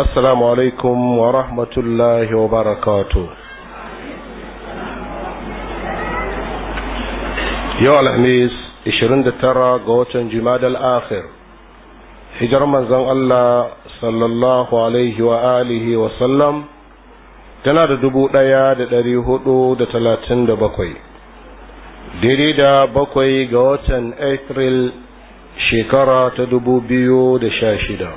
السلام عليكم ورحمة الله وبركاته يوم الخميس 29 غوتن جماد الآخر hijar manzon Allah sallallahu alaihi wa wa sallam tana da dubu ɗaya da ɗari hudu da talatin da bakwai daidai da bakwai ga watan Afril shekara ta dubu biyu da sha shida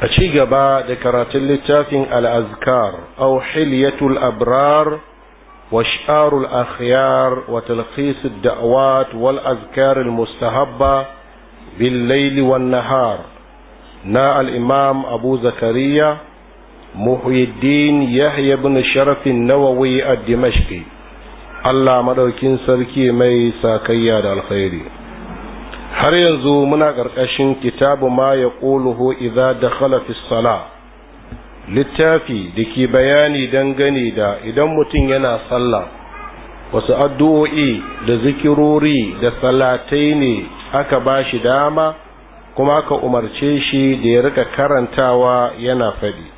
a ci gaba da karatun littafin al'azkar au hilyatul abrar wa sha'arul akhyar wa talqisud da'awat wal azkaril mustahabba bil laili wan nahar na al'imam abu zakariya muhyiddin yahya bin sharafin nawawi a dimashki allah madaukin sarki mai sakayya da alkhairi har yanzu muna ƙarƙashin kitabu ma ya ƙoluhu idza da fi sala littafi da ke bayani gani da idan mutum yana sallah wasu addu'o'i da zikirori da salatai ne aka ba shi dama kuma aka umarce shi da ya rika karantawa yana faɗi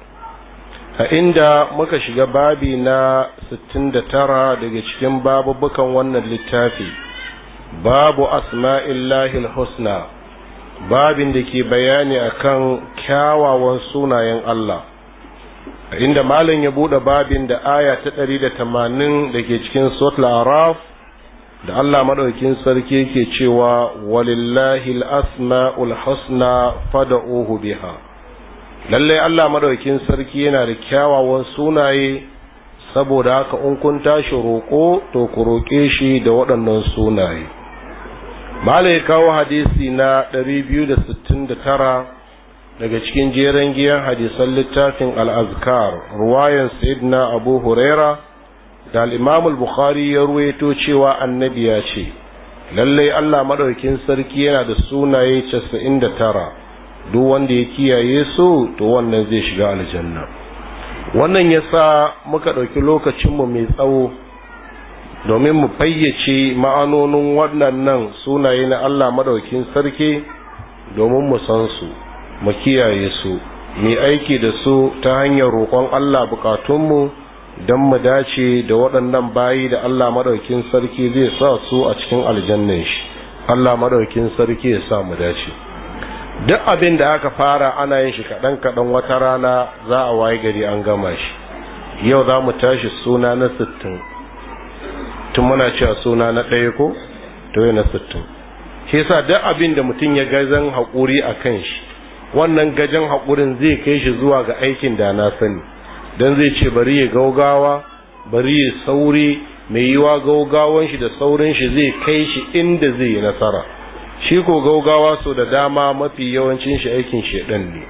a inda muka shiga babi na 69 daga cikin babubukan wannan littafi babu asma'illahi husna babin da ke bayani akan kyawawan sunayen Allah inda malam ya bude babin da aya ta 180 da ke cikin suratul araf da Allah maɗaukin sarki yake cewa walillahi asmaul husna fad'uhu biha lalle Allah maɗaukin sarki yana da kyawawan sunaye saboda haka in kun tashi roƙo to ku roƙe shi da waɗannan sunaye malai kawo hadisi na 269 daga cikin jeren giyan hadisan littafin al'azkar ruwayan sayyidina abu huraira da al'imamul bukhari ya ruwaito cewa annabi ya ce lallai allah maɗaukin sarki yana da sunaye 99 duk wanda ya kiyaye su to wannan zai shiga aljanna wannan ya sa muka ɗauki lokacinmu mai tsawo domin mu fayyace ma'anonin waɗannan sunaye na Allah madaukin sarki domin mu san su mu kiyaye su mu aiki da su ta hanyar roƙon Allah bukatunmu don mu dace da waɗannan bayi da Allah madaukin sarki zai sa su a cikin aljannan shi Allah madaukin sarki ya sa mu dace duk abin da aka fara ana yin shi kaɗan kaɗan wata rana za a waye gari an gama shi yau za mu tashi suna na sittin mutum muna cewa suna na ɗaya ko to yana sittin shi yasa duk abin da mutum ya gajen haƙuri a kan shi wannan gajen haƙurin zai kai shi zuwa ga aikin da na sani don zai ce bari ya gaugawa bari ya sauri mai yiwa gaugawan shi da saurin shi zai kai shi inda zai yi nasara shi ko gaugawa so da dama mafi yawancin shi aikin shaɗan ne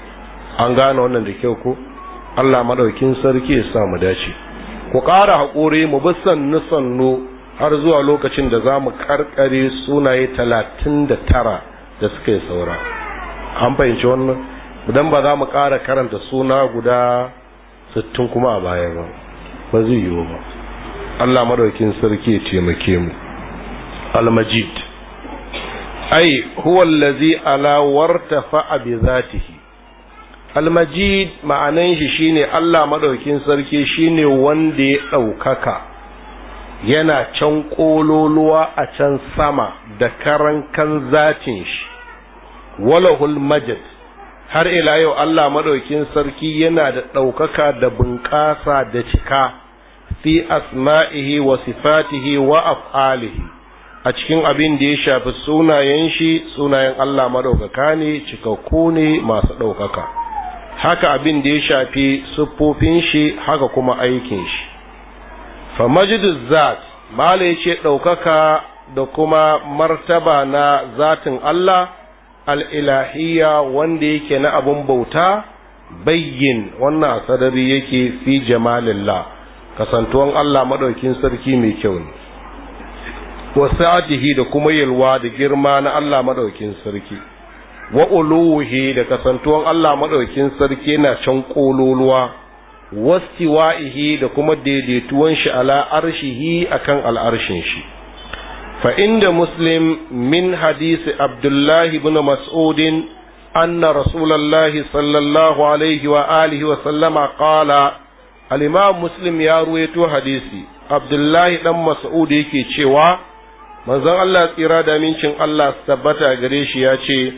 an gane wannan da kyau ko Allah maɗaukin sarki ya samu dace ku ƙara haƙuri mu bi sannu sannu har zuwa lokacin da za mu karkare sunaye talatin da tara da suka saura an fahimci wannan idan ba za mu ƙara karanta suna guda sittin kuma a baya ba ba zai yiwu ba allah maraukin sarki ya taimake mu almajid ai huwa allazi ala wartafa bi zatihi almajid ma'anan shi shine allah maɗaukin sarki shine wanda ya ɗaukaka yana can ƙololuwa a can sama da karankan kan zatin shi walahul majid har ila yau Allah maɗaukin sarki yana da ɗaukaka da bunƙasa da cika fi asma'ihi wa sifatihi wa af'alihi a cikin abin da ya shafi sunayen shi sunayen Allah maɗaukaka ne cikakku ne masu ɗaukaka haka abin da ya shafi siffofin shi haka kuma aikin shi fa majidu zat mala ya ce ɗaukaka da kuma martaba na zatin Allah al'ilahiyya wanda yake na abun bauta bayyin wannan sadari yake fi jamalillah kasantuwan Allah maɗaukin sarki mai kyau ne wa sa'atihi da kuma yalwa da girma na Allah maɗaukin sarki wa da kasantuwan Allah maɗaukin sarki na can ƙololuwa wastiwa'ihi da kuma daidaituwan shi ala arshihi akan al'arshin shi fa inda muslim min hadisi abdullahi ibn mas'udin anna rasulullahi sallallahu alaihi wa alihi wa sallama qala al-imam muslim ya ruwaito hadisi abdullahi dan mas'ud yake cewa manzon Allah tsira da mincin Allah tabbata gare shi ya ce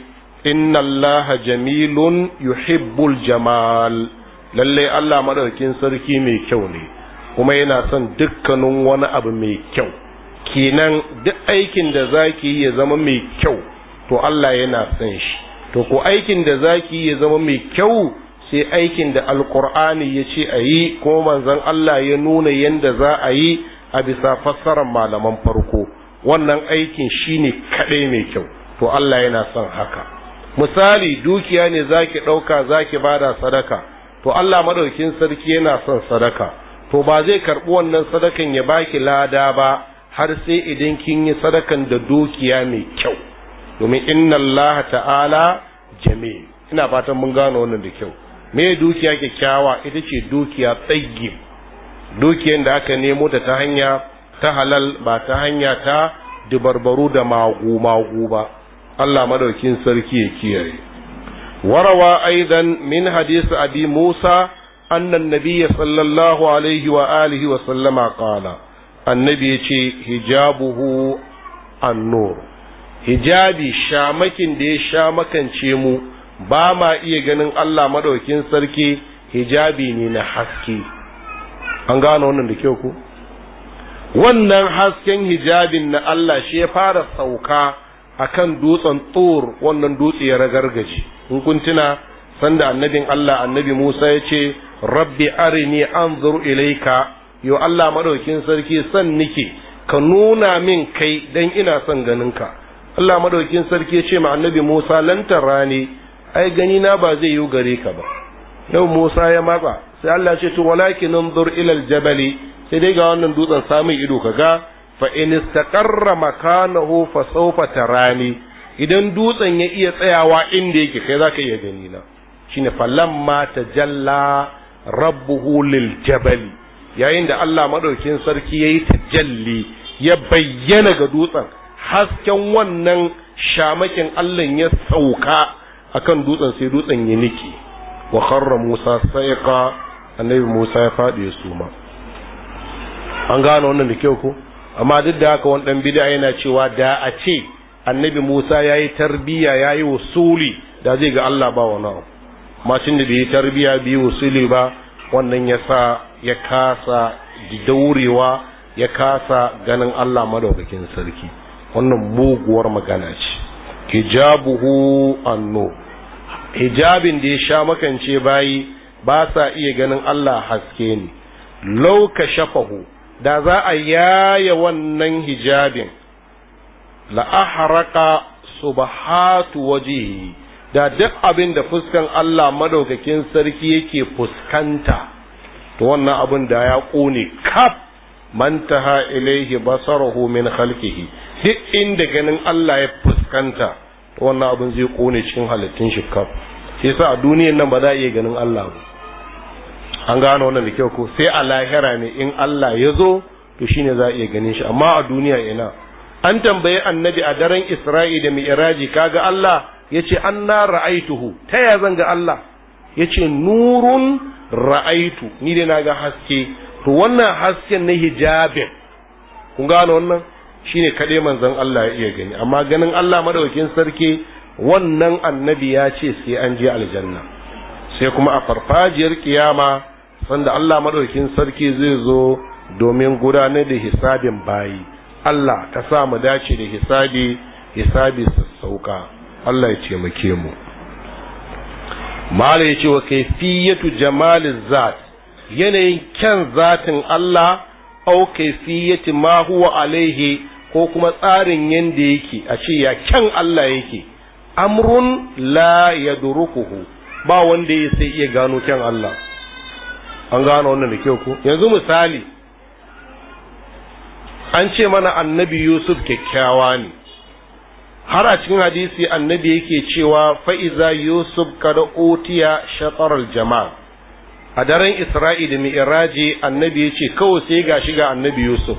inna allaha jamilun yuhibbul jamal lallai Allah madaukin sarki mai kyau ne kuma yana son dukkanin wani abu mai kyau kenan duk aikin da zaki ya zama mai kyau to Allah yana son shi to ko aikin da zaki yi ya zama mai kyau sai aikin da alkur'ani ya ce a yi kuma manzon Allah ya nuna yadda za a yi a bisa fassarar malaman farko wannan aikin shine kaɗai mai kyau to Allah yana son haka misali dukiya ne zaki ɗauka zaki bada sadaka to Allah madaukin sarki yana son sadaka to ba zai karɓi wannan sadakan ya baki lada ba har sai idan kin yi sadakan da dukiya mai kyau domin inna Allah ta'ala jami ina fatan mun gano wannan da kyau me dukiya kyakkyawa ita ce dukiya tsayyib dukiyar da aka nemo ta ta hanya ta halal ba ta hanya ta dubarbaru da magu magu ba Allah madaukin sarki ya kiyaye وروى أيضا من حديث أبي موسى أن النبي صلى الله عليه وآله وسلم قال النبي يشي حجابه النور hijabi shamakin da ya shamakance mu ba ma iya ganin Allah madaukin sarki hijabi ne na haske an gano wannan da kyau ku wannan hasken hijabin na Allah shi ya fara sauka akan dutsen tsor wannan dutse ya ragargaje in kun tuna sanda annabin Allah annabi Musa ya ce rabbi arini anzur ilaika yo Allah madaukin sarki san nike ka nuna min kai dan ina son ganinka Allah madaukin sarki ya ce ma annabi Musa lan tarani ai gani na ba zai yi gare ka ba yau Musa ya matsa sai Allah ce to walakin anzur ila aljabal sai dai ga wannan dutsen samun ido kaga fa in istaqarra makanahu fa sawfa tarani idan dutsen ya iya tsayawa inda yake kai za ka iya gani na shine ta jalla rabbuhu lil jabali yayin da Allah maɗaukin sarki ya yayi tajalli ya bayyana ga dutsen hasken wannan shamakin Allah ya sauka akan dutsen sai dutsen ya niki wa kharra Musa saiqa annabi Musa ya fadi ya suma an gano wannan da kyau ko amma duk da haka wani dan bid'a yana cewa da a ce annabi Musa ya yi tarbiya ya yi wasuli da zai ga Allah ba nawa. abu mashin da bai yi tarbiya bai yi wasuli ba wannan ya sa ya kasa daurewa ya kasa ganin Allah madaukakin sarki wannan muguwar magana ce hijabuhu annu hijabin da ya sha makance bayi ba sa iya ganin Allah haske ne lauka shafahu da za a yaya wannan hijabin la'aharaka subahatu wajihi da duk abin da fuskan Allah madaukakin sarki yake fuskanta to wannan abin da ya ƙone kaf mantaha ilaihi basaruhu min khalqihi duk inda ganin Allah ya fuskanta to wannan abin zai kone cikin halittun shi kaf shi yasa a duniyar nan ba za a iya ganin Allah ba an gano wannan da kyau ko sai a lahira ne in Allah ya zo to shine za a iya ganin shi amma a duniya ina an tambaye annabi a daren isra'i da mi'raji kaga Allah yace anna ra'aituhu ta ya zanga Allah yace nurun ra'aitu ni dai naga haske to wannan hasken na hijabin kun gano wannan shine kaɗai manzon Allah ya iya gani amma ganin Allah madaukakin sarki wannan annabi ya ce sai an je aljanna sai kuma a farfajiyar kiyama sanda Allah madaukakin sarki zai zo domin gudanar da hisabin bayi Allah ta sa mu dace da hisabi hisabi sassauka Allah ya ce muke mu mala ya ce wa kaifiyatu jamalin zat yanayin kyan zatin Allah au kaifiyati ma huwa alaihi ko kuma tsarin yanda yake a ce ya kyan Allah yake amrun la yadrukuhu ba wanda ya sai iya gano kyan Allah an gano wannan da kyau ko yanzu misali an ce mana annabi yusuf kyakkyawa ne har a cikin hadisi annabi yake cewa fa'iza yusuf kada otiya shatarar jama'a a daren Isra'il da mi'iraji annabi ya ce kawai sai ga shiga annabi yusuf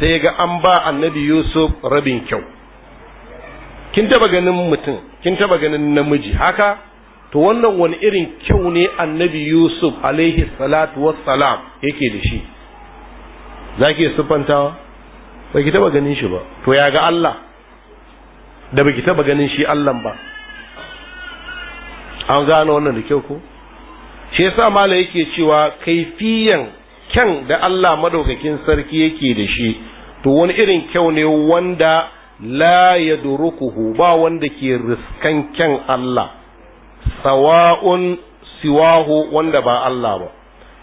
sai ga an ba annabi yusuf rabin kyau kin taba ganin mutum kin taba ganin namiji haka to wannan wani irin kyau ne annabi yusuf alaihi salatu wassalam yake da shi za ki siffantawa ba ki taba ganin shi ba to ya ga Allah da ba taba ganin shi Allah ba an gano wannan da kyau ko shi yasa mala yake cewa kaifiyan kyan da Allah madaukakin sarki yake da shi to wani irin kyau ne wanda la yadrukuhu ba wanda ke riskan kyan Allah sawa'un siwahu wanda ba Allah ba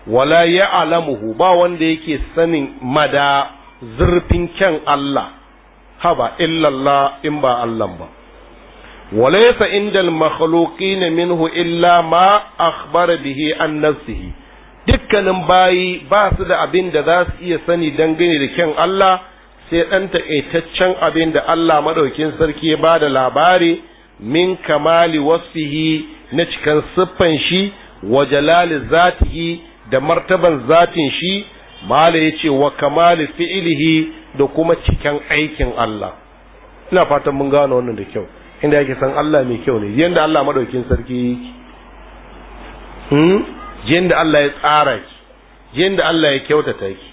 wala ya'lamuhu ba wanda yake sanin mada zurfin kyan Allah haba illallah in ba Allah ba walaysa indal makhluqin minhu illa ma akhbara bihi an nafsihi dukkanin bayi ba su da abin da za su iya sani dangane da kyan Allah sai ɗan taƙaitaccen abin da Allah maɗaukin sarki ya ba da labari min kamali wasfihi na cikan siffan shi wa jalali zatihi da martaban zatin shi mala ce wa kamali fi'ilihi da kuma cikin aikin Allah ina fatan mun gano wannan da kyau inda yake san Allah mai kyau ne yanda Allah madaukin sarki yake hmm yanda Allah ya tsara ki yanda Allah ya kyautata ki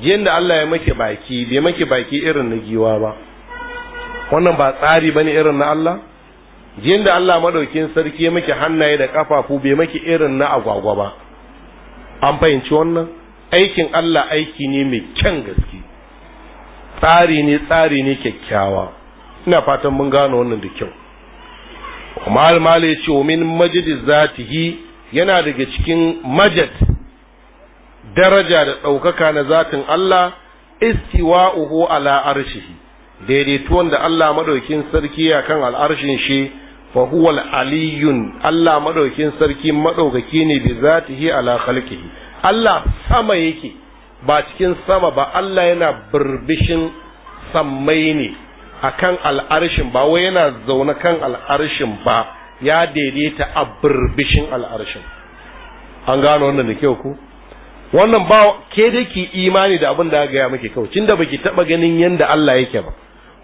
yanda Allah ya make baki bai make baki irin na giwa ba wannan ba tsari bane irin na Allah yanda Allah madaukin sarki ya make hannaye da kafafu bai make irin na agwagwa ba an fahimci wannan aikin Allah aiki ne mai kyan gaske tsari ne tsari ne kyakkyawa ina fatan mun gano wannan da kyau Umar Mali ya ce min majidi zatihi yana daga cikin majid daraja da ɗaukaka na zatin Allah istiwa'uhu ala arshihi daidaituwan da Allah madaukin sarki akan al'arshin shi fa huwa aliyun Allah madaukin sarki madaukaki ne bi zatihi ala khalqihi Allah sama yake ba cikin sama ba Allah yana burbishin sammai ne kan al'arshin ba wai yana zaune kan al'arshin ba ya daidaita a burbishin al'arshin an gano wannan da kyau ku wannan ba ke da ki imani da abin da aka gaya muke kawai cinda baki taba ganin yanda Allah yake ba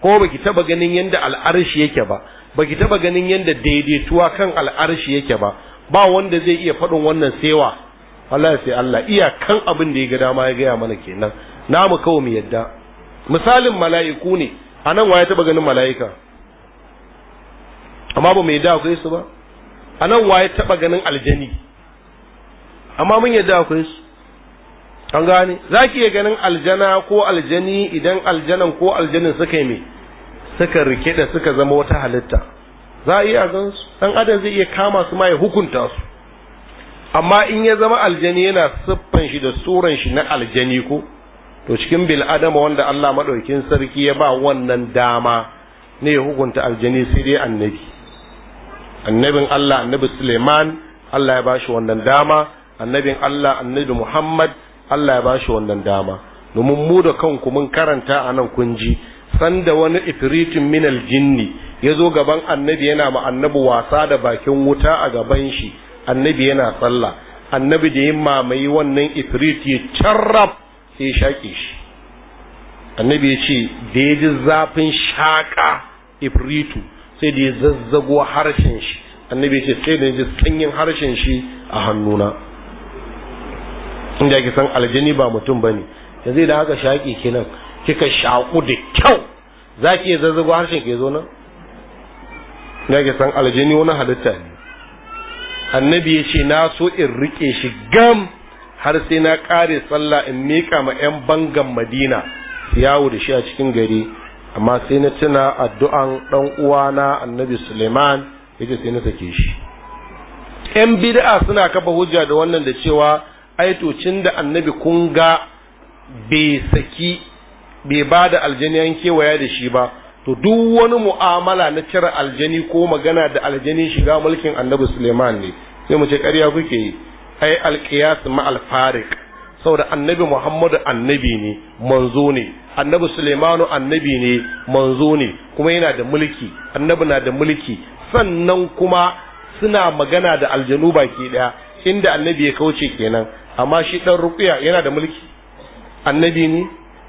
ko baki taba ganin yanda al'arshi yake ba baki taba ganin yanda daidaituwa kan al'arshi yake ba ba wanda zai iya faɗin wannan sewa Allah sai Allah iyakan abin da ya ga dama ya gaya mana kenan namu kawo mu yadda misalin mala'iku ne a nan waye taɓa ganin mala'ika amma ba mu yadda akwai su ba a nan waye taɓa ganin aljani amma mun yadda akwai su an gane za ki iya ganin aljana ko aljani idan aljanan ko aljanin suka yi mai suka rike da suka zama wata halitta za a iya gan su ɗan adam zai iya kama su ma ya hukunta su amma in ya zama aljani yana siffan shi da suran shi na aljani ko to cikin bil adama wanda Allah madaukin sarki ya ba wannan dama ne ya hukunta aljani sai dai annabi annabin Allah annabi Suleiman Allah ya bashi wannan dama annabin Allah annabi Muhammad Allah ya bashi wannan dama domin mu da kanku mun karanta a nan kun ji sanda wani ifritin min jinni ya zo gaban annabi yana ma annabi wasa da bakin wuta a gaban shi annabi yana sallah annabi da ya mamayi wannan ifrit ya carrab sai ya shaƙe shi annabi ya ce da ya ji zafin shaƙa ifritu sai da ya zazzago harshen shi annabi ya ce sai da ya ji sanyin harshen shi a hannuna inda ake san aljani ba mutum ba ne yanzu da haka ke kenan kika shaƙu da kyau za ki iya zazzago harshen ke zo nan inda ake san aljani wani halitta ne annabi ya ce na so in rike shi gam har sai na ƙare sallah in miƙa ma 'yan bangan madina yawo da shi a cikin gari amma sai na tuna addu'an ɗan uwana annabi suleiman ya ce sai na sake shi 'yan bid'a suna kafa hujja da wannan da cewa aitocin da annabi kunga ga bai saki bai ba da aljaniyan kewaya da shi ba to duk wani mu'amala na cire aljani ko magana da aljani shiga mulkin annabi suleiman ne sai mu ce ƙarya kuke yi ai alƙiyas ma alfarik saboda annabi muhammadu annabi ne manzo ne annabi suleimanu annabi ne manzo ne kuma yana da mulki annabi na da mulki sannan kuma suna magana da aljanu baki ɗaya inda annabi ya kauce kenan amma shi ɗan ruqya yana da mulki annabi ne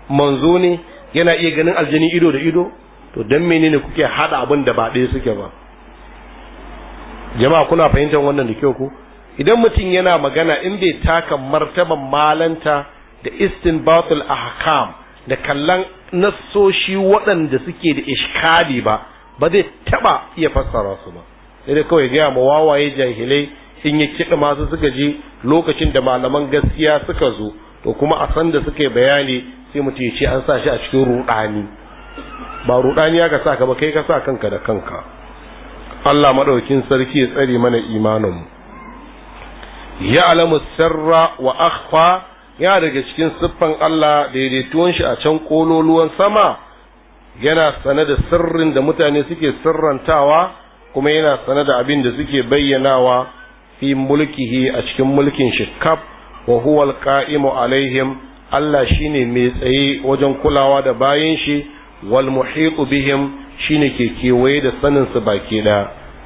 manzo ne yana iya ganin aljani ido da ido to dan menene kuke hada abin da ba ɗaya suke ba jama'a kuna fahimtar wannan da kyau ku. idan mutum yana magana in bai taka martaban malanta da istinbatul ahkam da kallon nassoshi waɗanda suke da ishkali ba ba zai taɓa iya fassara su ba sai kawai gaya ma wawaye jahilai in ya kiɗa masu suka je lokacin da malaman gaskiya suka zo to kuma a san suka yi bayani sai mutum ya ce an sa shi a cikin ruɗani ba rudaniya ka saka ba kai ka sa kanka da kanka Allah maɗaukin sarki ya tsare mana imanin mu ya alamu sirra wa akhfa ya daga cikin siffan Allah daidaituwan shi a can kololuwan sama yana sane da sirrin da mutane suke sirrantawa kuma yana sane da abin da suke bayyanawa fi mulkihi a cikin mulkin shi kaf wa huwa alqa'imu alaihim Allah shine mai tsaye wajen kulawa da bayan shi wal muhitu bihim shine ke kewaye da sanin su baki da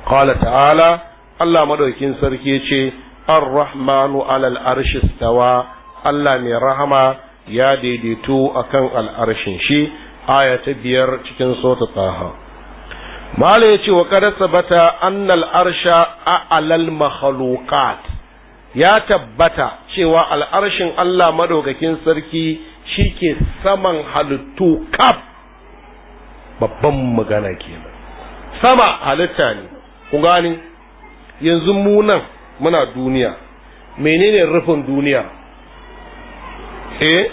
qala ta'ala Allah madaukin sarki yace ar-rahmanu alal arshi stawa Allah mai rahama ya daidaito akan al'arshin shi aya ta biyar cikin sota taha mala yace wa qad bata annal arsha a'lal makhluqat ya tabbata cewa al'arshin Allah madaukakin sarki shi ke saman halittu kaf babban magana kenan sama halitta ne ku gani. yanzu mu nan muna duniya menene rufin duniya eh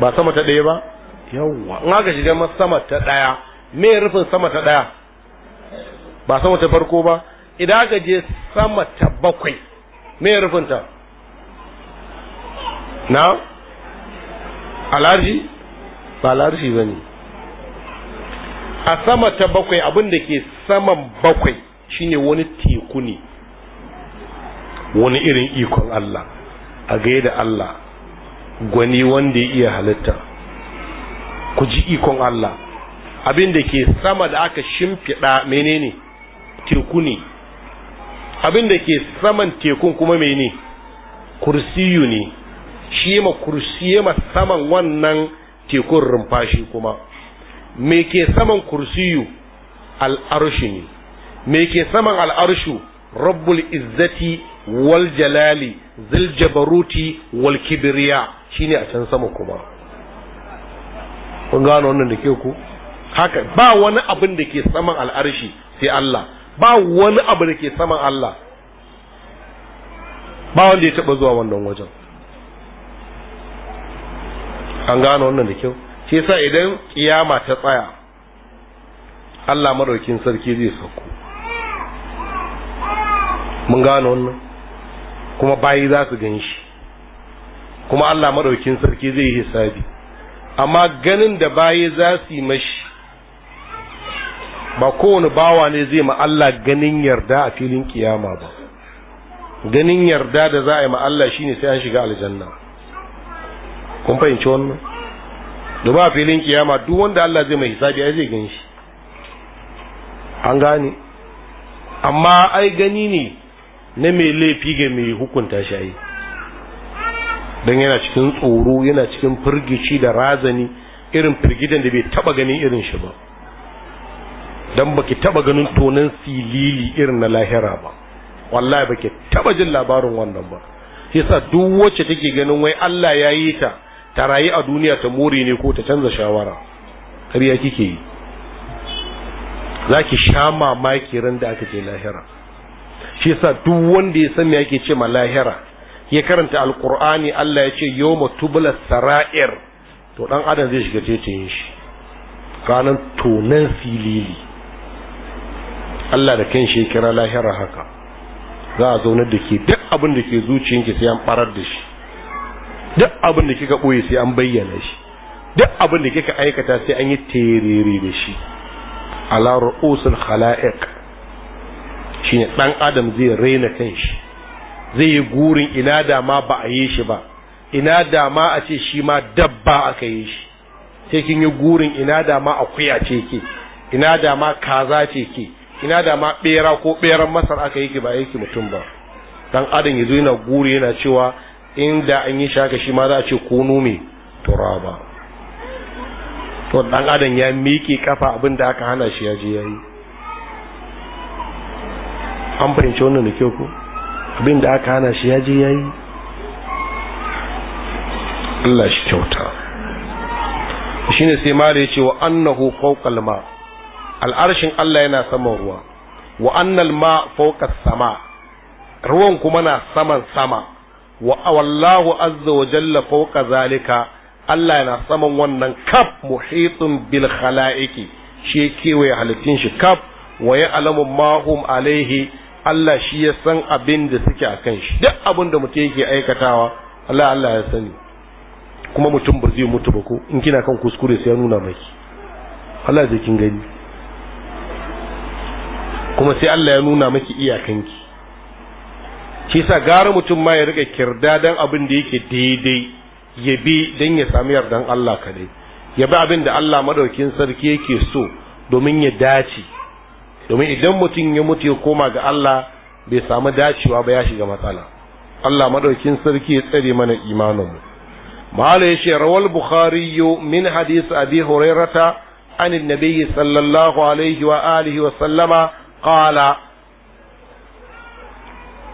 ba sama ta ɗaya ba yawwa in aka shiga sama ta ɗaya me rufin sama ta ɗaya ba sama ta farko ba idan aka je sama ta bakwai me rufin ta na alarji ba alarji ba ne a sama ta bakwai abin da ke saman bakwai shine wani teku ne wani irin ikon Allah a gaida Allah gwani wanda ya iya halitta ku ji ikon Allah abin da ke sama da aka shimfiɗa menene teku ne abin da ke saman tekun kuma mene kursiyu ne shi ma kursiye ma saman wannan tekun rumfashi kuma me ke saman kursiyu al'arshi ne me ke saman al'arshu rabbul izzati wal jalali zil jabaruti wal kibriya shine a can sama kuma kun gano wannan da ke ku haka ba wani abin da ke saman al'arshi sai Allah ba wani abu da ke saman Allah ba wanda ya taba zuwa wannan wajen an gano wannan da kyau shi yasa idan kiyama ta tsaya Allah madaukin sarki zai sauko mun gano wannan kuma bayi za su gan shi kuma Allah madaukin sarki zai yi hisabi amma ganin da bayi za su yi mashi ba kowane bawa ne zai ma Allah ganin yarda a filin kiyama ba ganin yarda da za a yi ma Allah shine sai an shiga aljanna kun fahimci wannan duba a filin kiyama duk wanda Allah zai mai hisabi ai zai gan shi an gane amma ai gani ne na mai laifi ga mai hukunta shi ai don yana cikin tsoro yana cikin firgici da razani irin firgidan da bai taba ganin irin shi ba don baki taba ganin tonan silili irin na lahira ba wallahi baki taba jin labarin wannan ba yasa duk wacce take ganin wai Allah ya yi ta ta rayu a duniya ta more ne ko ta canza shawara karya kike yi zaki sha mamaki ran da aka ce lahira shi sa duk wanda ya san me yake ce ma lahira ya karanta alqur'ani Allah ya ce yawma tubla sara'ir to dan adam zai shiga yin shi ranan tonan filili Allah da kan shi kira lahira haka za a zaunar da ke duk abin da ke zuciyarki sai an barar da shi duk abin da kika ɓoye sai an bayyana shi duk abin da kika aikata sai an yi terere da shi ala ru'usul khala'iq shine dan adam zai raina kanshi zai yi gurin ina da ma ba a yi shi ba ina da ma a ce shi ma dabba aka yi shi sai kin yi gurin ina da ma akuya ce ke ina da ma kaza ce ke ina da ma bera ko beran masar aka yi ki ba yake mutum ba dan adam yazo yana guri yana cewa inda an yi shaka shi ma za a ce kunu me turaba to dan adam ya miƙe kafa abin da aka hana shi ya je yayi an fahimci wannan da kyau ko abin da aka hana shi ya je yayi Allah shi kyauta ne sai mara ya ce wa annahu fawqal ma al'arshin Allah yana saman ruwa wa annal ma fawqa sama ruwan kuma na saman sama wa wallahu azza wa jalla fawqa zalika Allah yana saman wannan kaf muhitun bil khalaiki shi ya kewaye halittun shi kaf wa ya alamu mahum alaihi Allah shi ya san abin da suke a kan shi duk abin da mutum yake aikatawa Allah Allah ya sani kuma mutum ba zai mutu ba ko in kina kan kuskure sai ya nuna maki Allah zai kin gani kuma sai Allah ya nuna maki iyakanki shi sa gara mutum ma ya rika kirda dan abin da yake daidai ya bi dan ya sami yardan Allah kadai ya bi abin da Allah madaukin sarki yake so domin ya dace domin idan mutum ya mutu ya koma ga Allah bai samu dacewa ba ya shiga matsala Allah madaukin sarki ya tsare mana mu. mahala ya ce rawal bukhari min hadis abi hurairata an annabi sallallahu alaihi wa alihi wa sallama qala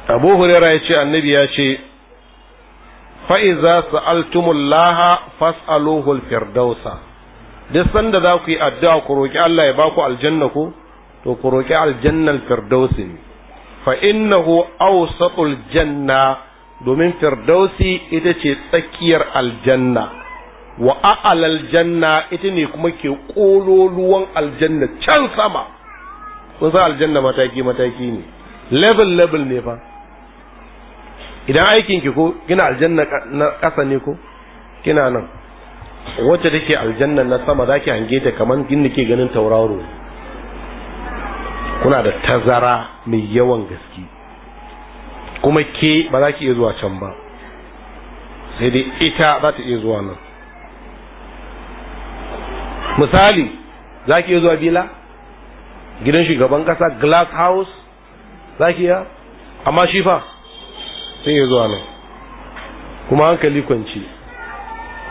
abu huraira ya ce annabi ya ce fa'iza sa'altumullaha fas'aluhul firdausa duk sanda za ku yi addu'a ku roƙi Allah ya ba ku aljanna ku to ku roƙi aljannan firdausi ne fa innahu awsatul janna domin firdausi ita ce tsakiyar aljanna wa a'alal janna ita ne kuma ke ƙololuwan aljanna can sama kun san aljanna mataki mataki ne level level ne fa idan aikin ki ko kina aljanna na ƙasa ne ko kina nan wacce take aljanna na sama zaki hange ta kaman kin ke ganin tauraro kuna da tazara mai yawan gaske kuma ke ba za iya zuwa can ba sai dai ita za ta iya zuwa nan misali za ki iya zuwa bila gidan shugaban kasa glass house za ki amma shi fa sai ya zuwa nan kuma hankali kwanci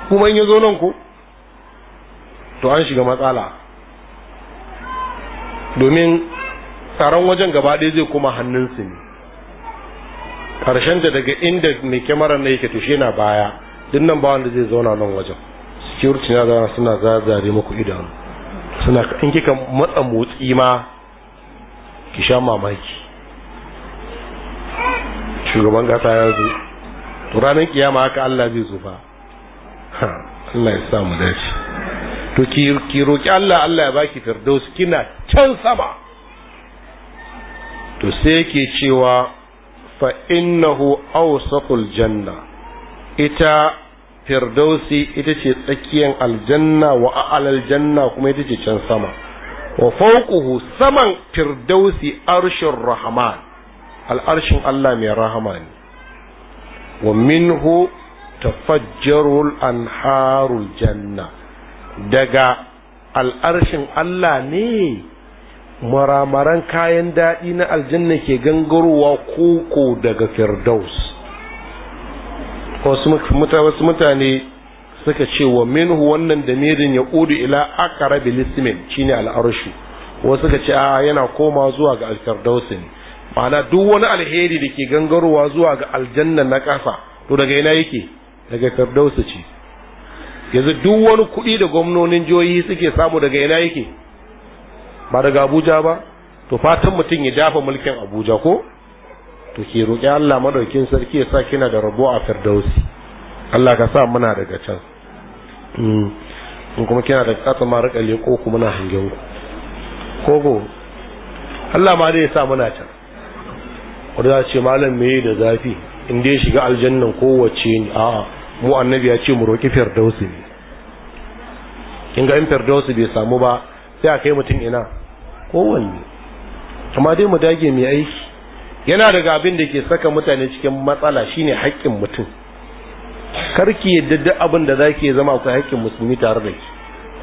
kuma in ya zo nan ko to an shiga matsala domin tsaron wajen gaba ɗaya zai kuma hannunsu ne ƙarshenta daga inda mai kyamarar na yake tushe na baya duk nan ba wanda zai zauna nan wajen security na zama suna zazare muku idanu suna in kika matsa motsi ma ki sha mamaki shugaban kasa ya zo to ranar kiyama haka Allah zai zo fa Allah ya sa mu dace to ki roki Allah Allah ya baki firdaus kina can sama to sai yake cewa fa innahu awsatul janna ita firdausi ita ce tsakiyar aljanna wa a'lal janna kuma ita ce can sama wa fawquhu saman firdausi arshur rahman al'arshin Allah mai rahama ne wa minhu tafajjarul anharul janna daga al'arshin Allah ne maramaran kayan daɗi na aljanna ke gangarowa koko daga firdaus wasu mutane suka ce wa minhu wannan damirin ya ƙudu ila akara bilismin shine al'arshi wasu suka ce a yana koma zuwa ga alfirdausi ma'ana duk wani alheri da ke gangarowa zuwa ga aljanna na ƙasa to daga ina yake daga firdausa ce yanzu duk wani kuɗi da gwamnonin jihohi suke samu daga ina yake ba daga abuja ba to fatan mutum ya dafa mulkin abuja ko to ke roƙi allah maɗaukin sarki ya sa kina da rabo a firdausi allah ka sa muna daga can mm. in kuma kina da ƙasa ma riƙa leƙo ku muna hangen ku kogo allah ma dai ya sa muna can wanda za ce malam me da zafi in dai shiga aljannan kowace ne a mu annabi ya ce mu roƙi firdausi ne kin ga in firdausi bai samu ba sai a kai mutum ina kowanne amma dai mu dage mai aiki yana daga abin da ke saka mutane cikin matsala shine haƙƙin mutum karki yadda duk abin da zaki zama ku haƙƙin musulmi tare da ki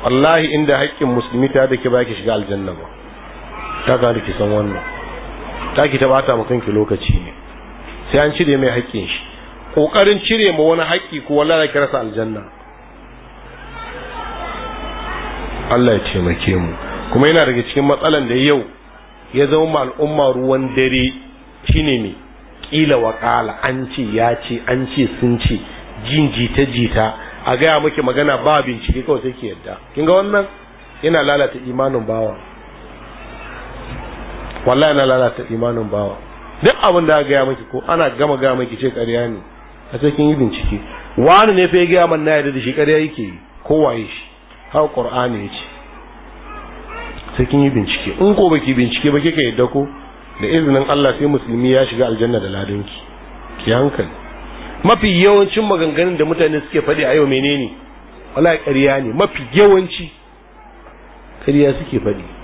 wallahi inda haƙƙin musulmi tare da ki ba ki shiga aljanna ba ta ga ki san wannan taki ta bata ma kanki lokaci ne sai an cire mai haƙƙin shi ƙoƙarin cire ma wani haƙƙi ko wallahi ki rasa aljanna Allah ya taimake mu kuma yana daga cikin matsalan da yau ya zama al'umma ruwan dare shine ne kila wa kala an ce ya ce an ce sun ce jin jita jita a gaya maki magana ba bincike kawai sai ki yadda kin wannan yana lalata imanin bawa wallahi na lalata imanin bawa duk abin da gaya maki ko ana gama gaya maki ce ƙarya ne a cikin yi bincike wani ne fa ya gaya man na yadda da shi ƙarya yake yi waye shi har qur'ani ya ce cikin yi bincike in ko baki bincike ba kika yadda ko da izinin Allah sai musulmi ya shiga aljanna da ladinki ki hankali mafi yawancin maganganun da mutane suke faɗi a yau menene wallahi ƙarya ne mafi yawanci ƙarya suke faɗi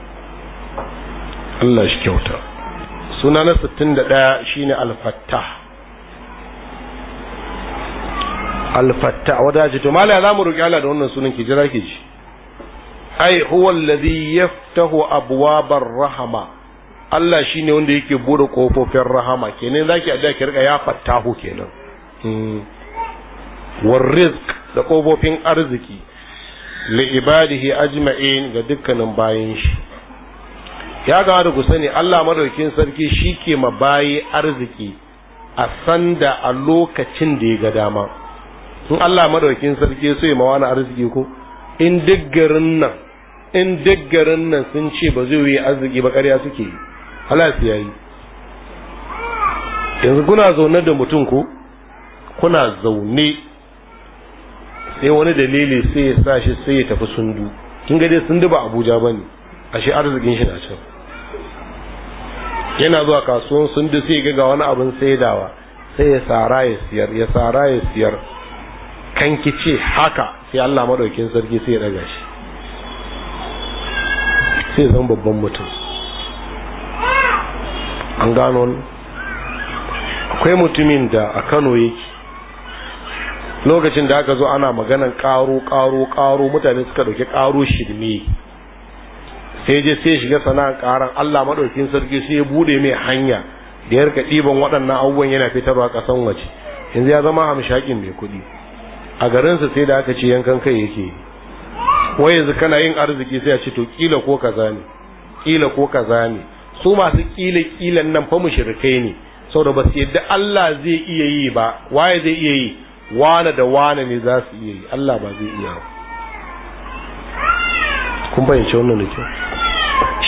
Allah shi kyauta suna na 61 shine alfatta alfatta wanda ce to malaya zamu roƙi Allah da wannan sunan ki jira ki ji ai huwa alladhi yaftahu abwabar rahama Allah shine wanda yake bude kofofin rahama kenan zaki adda ki rika ya fattahu kenan hmm. war rizq da kofofin arziki li ibadihi ajma'in ga dukkanin bayan shi ya gawa da ku sani Allah madaukin sarki shi ke ma bayi arziki a sanda a lokacin da ya ga dama in Allah madaukin sarki so ya ma arziki ko in duk garin nan in duk garin nan sun ce ba zai yi arziki ba ƙarya suke yi halas ya yi yanzu kuna zaune da mutum ko kuna zaune sai wani dalili sai ya sa shi sai ya tafi sundu kin ga dai sundu ba Abuja bane ashe arzikin shi na can yana zuwa kasuwan sun da sai ga wani abin saidawa sai ya tsara ya siyar ya tsara ya siyar kan ki haka sai Allah madaukin sarki sai ya daga shi sai zan babban mutum an gano akwai mutumin da a Kano yake lokacin da aka zo ana maganan karo karo karo mutane suka dauki karo shirme sai je sai shiga sana'ar karan Allah madaukin sarki sai ya bude mai hanya da ya rika ɗiban waɗannan abubuwan yana fitarwa ƙasan waje yanzu ya zama hamshakin mai kuɗi a garinsa sai da aka ce yankan kai yake wai yanzu kana yin arziki sai a ce to kila ko kaza ne kila ko kaza ne su masu kila kilan nan fa mushrikai ne saboda ba su yadda Allah zai iya yi ba waye zai iya yi wane da wane ne za su iya yi Allah ba zai iya kun bayyance wannan da kyau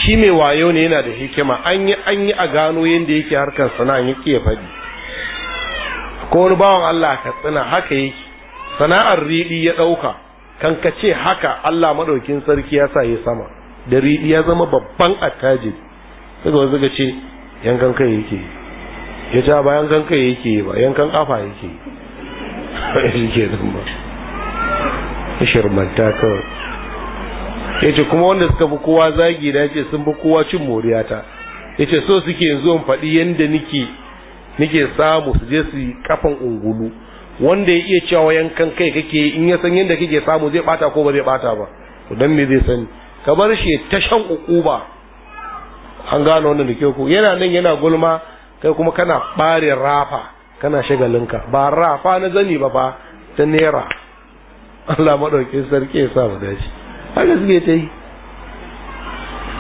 shi mai wayo ne yana da hikima an yi an yi a gano yadda yake harkar sana'a yake ya faɗi ko wani bawan Allah ka tsina haka yake sana'ar riɗi ya ɗauka kan ka ce haka Allah maɗaukin sarki ya sa ya sama da riɗi ya zama babban attajiri daga wasu ga ce yankan kai yake ya ja ba yankan kai yake ba yankan kafa yake yake nan ba shirmanta kawai ya ce kuma wanda suka fi kowa zagi da ya ce sun fi kowa cin moriyata ya ce so suke yanzu in faɗi yadda nike samu su je su kafan ungulu wanda ya iya cewa yankan kai kake in ya san yadda kake samu zai bata ko ba zai bata ba to dan me zai sani ka bar shi ta shan ba. an gano wannan da ke ku yana nan yana gulma kai kuma kana bare rafa kana shagalinka ba rafa na zani ba fa ta nera Allah madaukin sarki ya sa mu haka suke ta yi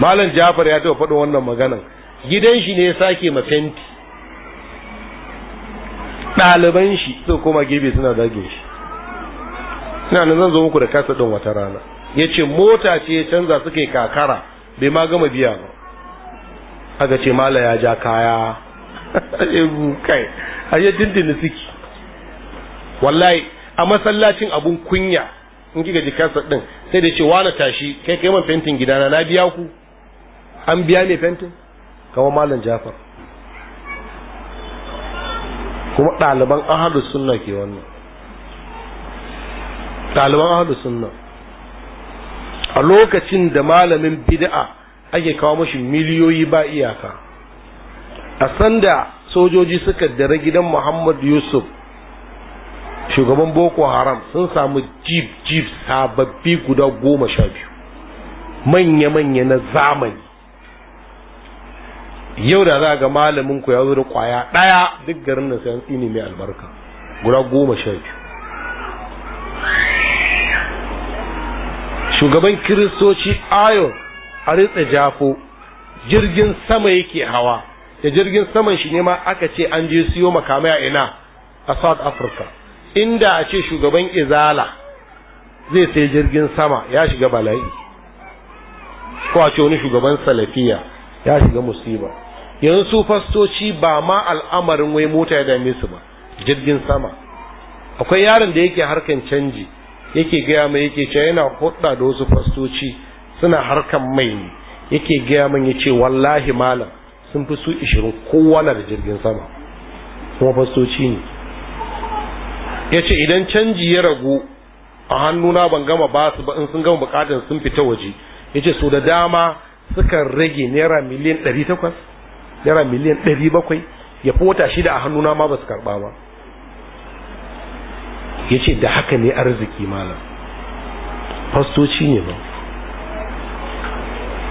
malam jafar ya taɓa faɗin wannan maganan gidan shi ne ya sake ma fenti ɗaliban shi suka koma gebe suna zagin shi ina nan zan zo muku da kasa wata rana ya ce mota ce ya canza suke kakara bai ma gama biya ba aka ce mala ya ja kaya kai a yi dindini suke wallahi a masallacin abun kunya in kika ji kasa ɗin sai da ce wani tashi kai kai man fentin gidana na biya ku an biya mai fentin kawo malam jafar kuma ɗaliban ahadu sunna ke wannan ɗaliban ahadu sunna a lokacin da malamin bid'a ake kawo mashi miliyoyi ba iyaka a sanda sojoji suka dare gidan muhammad yusuf shugaban boko haram sun samu jeep jeep sababbi guda goma sha biyu manya-manya na zamani yau da za ga malamin ku ya zo da kwaya ɗaya duk garin da sayan tsini mai albarka guda goma sha biyu shugaban kiristoci ayon a ritsa jafo jirgin sama yake hawa da jirgin saman shi ne ma aka ce an je siyo makamai a ina a south africa inda a ce shugaban izala zai sai jirgin sama ya shiga bala'i ko a ce wani shugaban salafiya ya shiga musiba yanzu su fastoci ba ma al'amarin wai mota ya dame su ba jirgin sama akwai yaron da yake harkan canji yake gaya mai yake cewa yana hudda da wasu fastoci suna harkan mai ne yake gaya min ya ce wallahi malam sun fi su ishirin kowane da jirgin sama kuma fastoci ne ya ce idan canji ya ragu a hannuna ban gama ba su ba in sun gama bukatun sun fita waje ya ce su da dama sukan rage naira miliyan ɗari takwas naira miliyan ɗari bakwai ya fota shida a hannuna ma ba su karɓa ba ya ce da haka ne arziki malam fastoci ne ba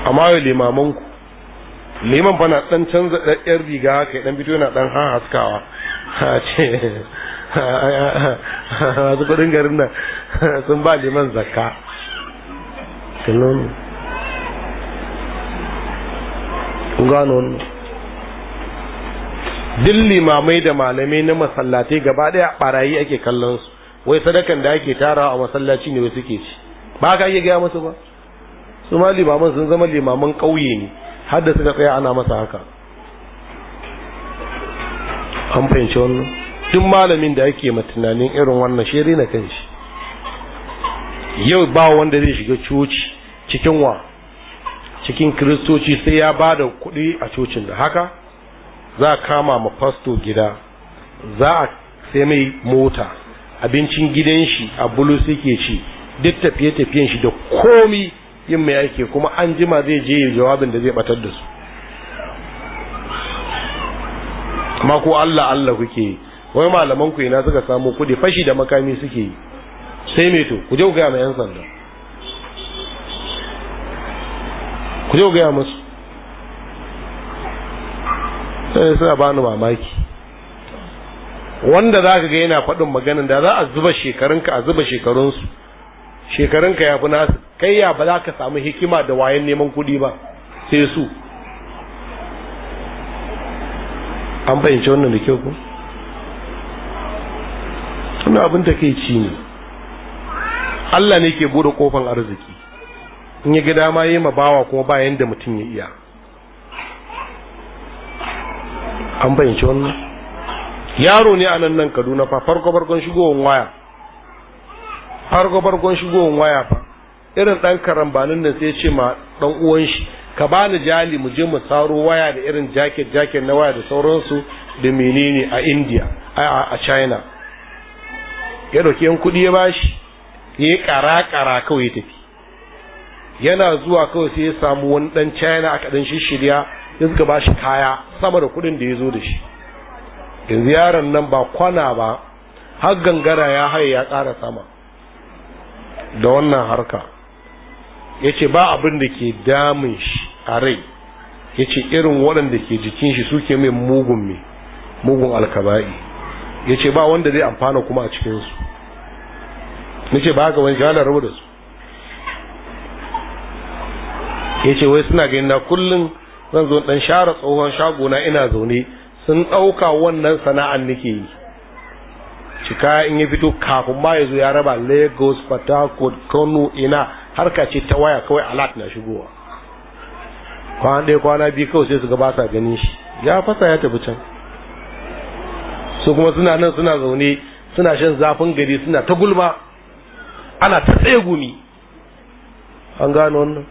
amma yau limamanku liman bana ɗan canza ɗan riga haka ya ɗan fito yana ɗan haskawa ha ce masu kudin garin nan sun ba liman zakka gano duk limamai da malamai na masallatai gaba daya barayi ake kallon su wai sadakan da ake tara a masallaci ne wai suke ci ba ka iya gaya musu ba su ma limaman sun zama limaman ƙauye ne har da suka tsaya ana masa haka an fahimci wannan duk malamin da ake ma tunanin irin wannan shiri na kan shi yau ba wanda zai shiga coci cikin wa cikin kiristoci sai ya ba da kuɗi a cocin da haka za a kama ma fasto gida za a sai mai mota abincin gidan shi a bulus yake ci duk tafiye-tafiyen shi da komi yin mai ake kuma an jima zai je jawabin da zai batar da su amma ko Allah Allah kuke wai malaman ku ina suka samu kudi fashi da makami suke yi sai me to ku je ku gaya ma yan sanda ku je ku gaya musu sai suna bani mamaki wanda za ka ga yana faɗin maganin da za a zuba shekarunka a zuba shekarunsu shekarunka ya fi nasu kai ya ba za ka samu hikima da wayan neman kuɗi ba sai su an fahimci wannan da kyau ku suna abin da kai ci ne Allah ne ke bude kofan arziki in ya ga dama yi ma bawa kuma ba da mutum ya iya an bayanci wannan yaro ne a nan nan kaduna fa farko farkon shigowar waya farko farkon shigowar waya fa irin dan karambanin nan sai ce ma ɗan uwan shi ka bani jali mu je mu saro waya da irin jacket jacket na waya da sauransu da menene a India a China ya dauki yan kuɗi ya bashi ya yi ƙara kawai ya tafi yana zuwa kawai sai ya samu wani ɗan china aka ɗan shishirya ya suka bashi kaya sama da kuɗin da ya zo da shi yanzu yaron nan ba kwana ba har gangara ya haye ya kara sama da wannan harka ya ce ba abin da ke damun shi a rai ya ce irin waɗanda ke jikin shi suke mai mugun mai mugun alkaba'i ya ba wanda zai amfana kuma a cikinsu na ce ba ga wani shahalar rabu da su ya wai suna gani na kullum zan zo dan share tsohon shagona ina zaune sun ɗauka wannan sana'an nake yi cika in ya fito kafin ma ya zo ya raba lagos port kano ina harka ce ta waya kawai alat na shigowa kwana ɗaya kwana biyu kawai sai su ga sa ganin shi ya fasa ya tafi can su kuma suna nan suna zaune suna shan zafin gari suna ta gulma ana ta tsaye gumi an gano wannan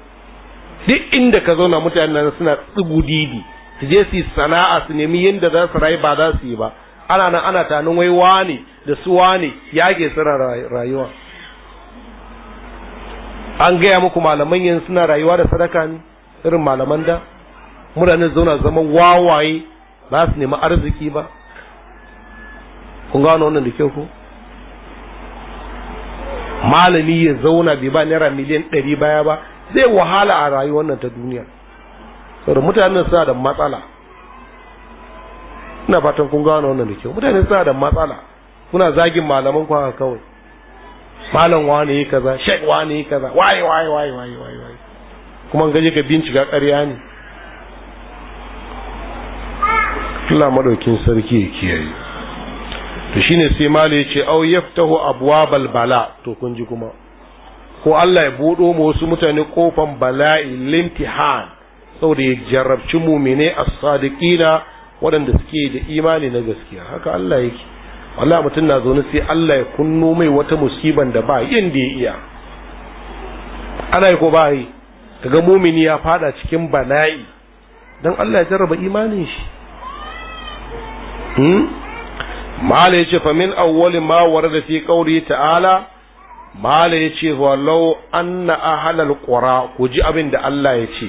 duk inda ka zauna mutanen suna tsugu didi su je su sana'a su nemi yadda za su rayu ba za su yi ba ana nan ana tanin wai wane da su wane yage suna rayuwa an gaya muku malaman yin suna rayuwa da sadaka ne irin malaman da muranin zauna zama wawaye ba su nemi arziki ba kun gano wannan da kyau ko malami ya zauna bai ba naira miliyan ɗari baya ba zai wahala a rayuwar nan ta duniya saboda mutanen suna da matsala ina fatan kun gano wannan da kyau mutane suna da matsala kuna zagin malaman ku haka kawai malam wani yi kaza shek wani yi kaza waye waye waye waye waye waye kuma gaje ka bincika ƙarya ne Allah madaukin sarki ya kiyaye to shine sai malai yace aw yaftahu abwabal bala to kun ji kuma ko Allah ya budo mu wasu mutane kofan bala'i limtihan saboda ya jarrabci mumine as-sadiqina waɗanda suke da imani na gaskiya haka Allah yake wallahi mutum na zaune sai Allah ya kunno mai wata musiban da ba yanda ya iya ana yi ko ba yi kaga mumini ya fada cikin bala'i dan Allah ya jarraba imanin shi hmm? mala yace fa min awwali ma warada fi qawli ta'ala mala yace walau anna ahlal qura ku ji abin da Allah ya ce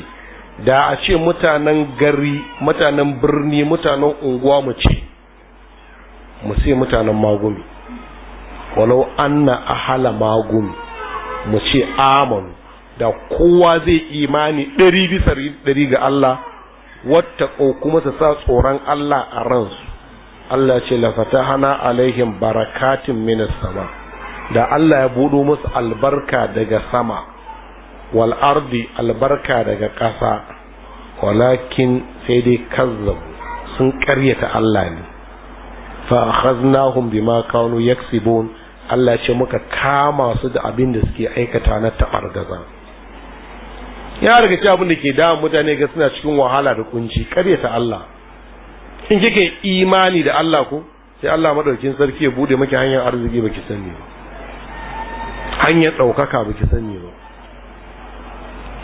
da a ce mutanen gari mutanen birni mutanen unguwa mu ce mu ce mutanen magumi walau anna ahala magumi mu ce amon da kowa zai imani ɗari bisa ɗari ga Allah wata kuma ta sa tsoron Allah a ransu Allah ce la fatahana alaihim barakatin minas sama da Allah ya budo musu albarka daga sama wal ardi albarka daga ƙasa walakin sai dai kazzab sun ƙaryata Allah ne fa akhaznahum bima kanu yaksibun Allah ce muka kama su da abin da suke aikata na tabargaza ya riga ce abin da ke da mutane ga suna cikin wahala da kunci ƙaryata Allah in kike imani da Allah ko sai Allah madaukin sarki ya bude miki hanyar arziki baki sani ba hanyar daukaka baki sani ba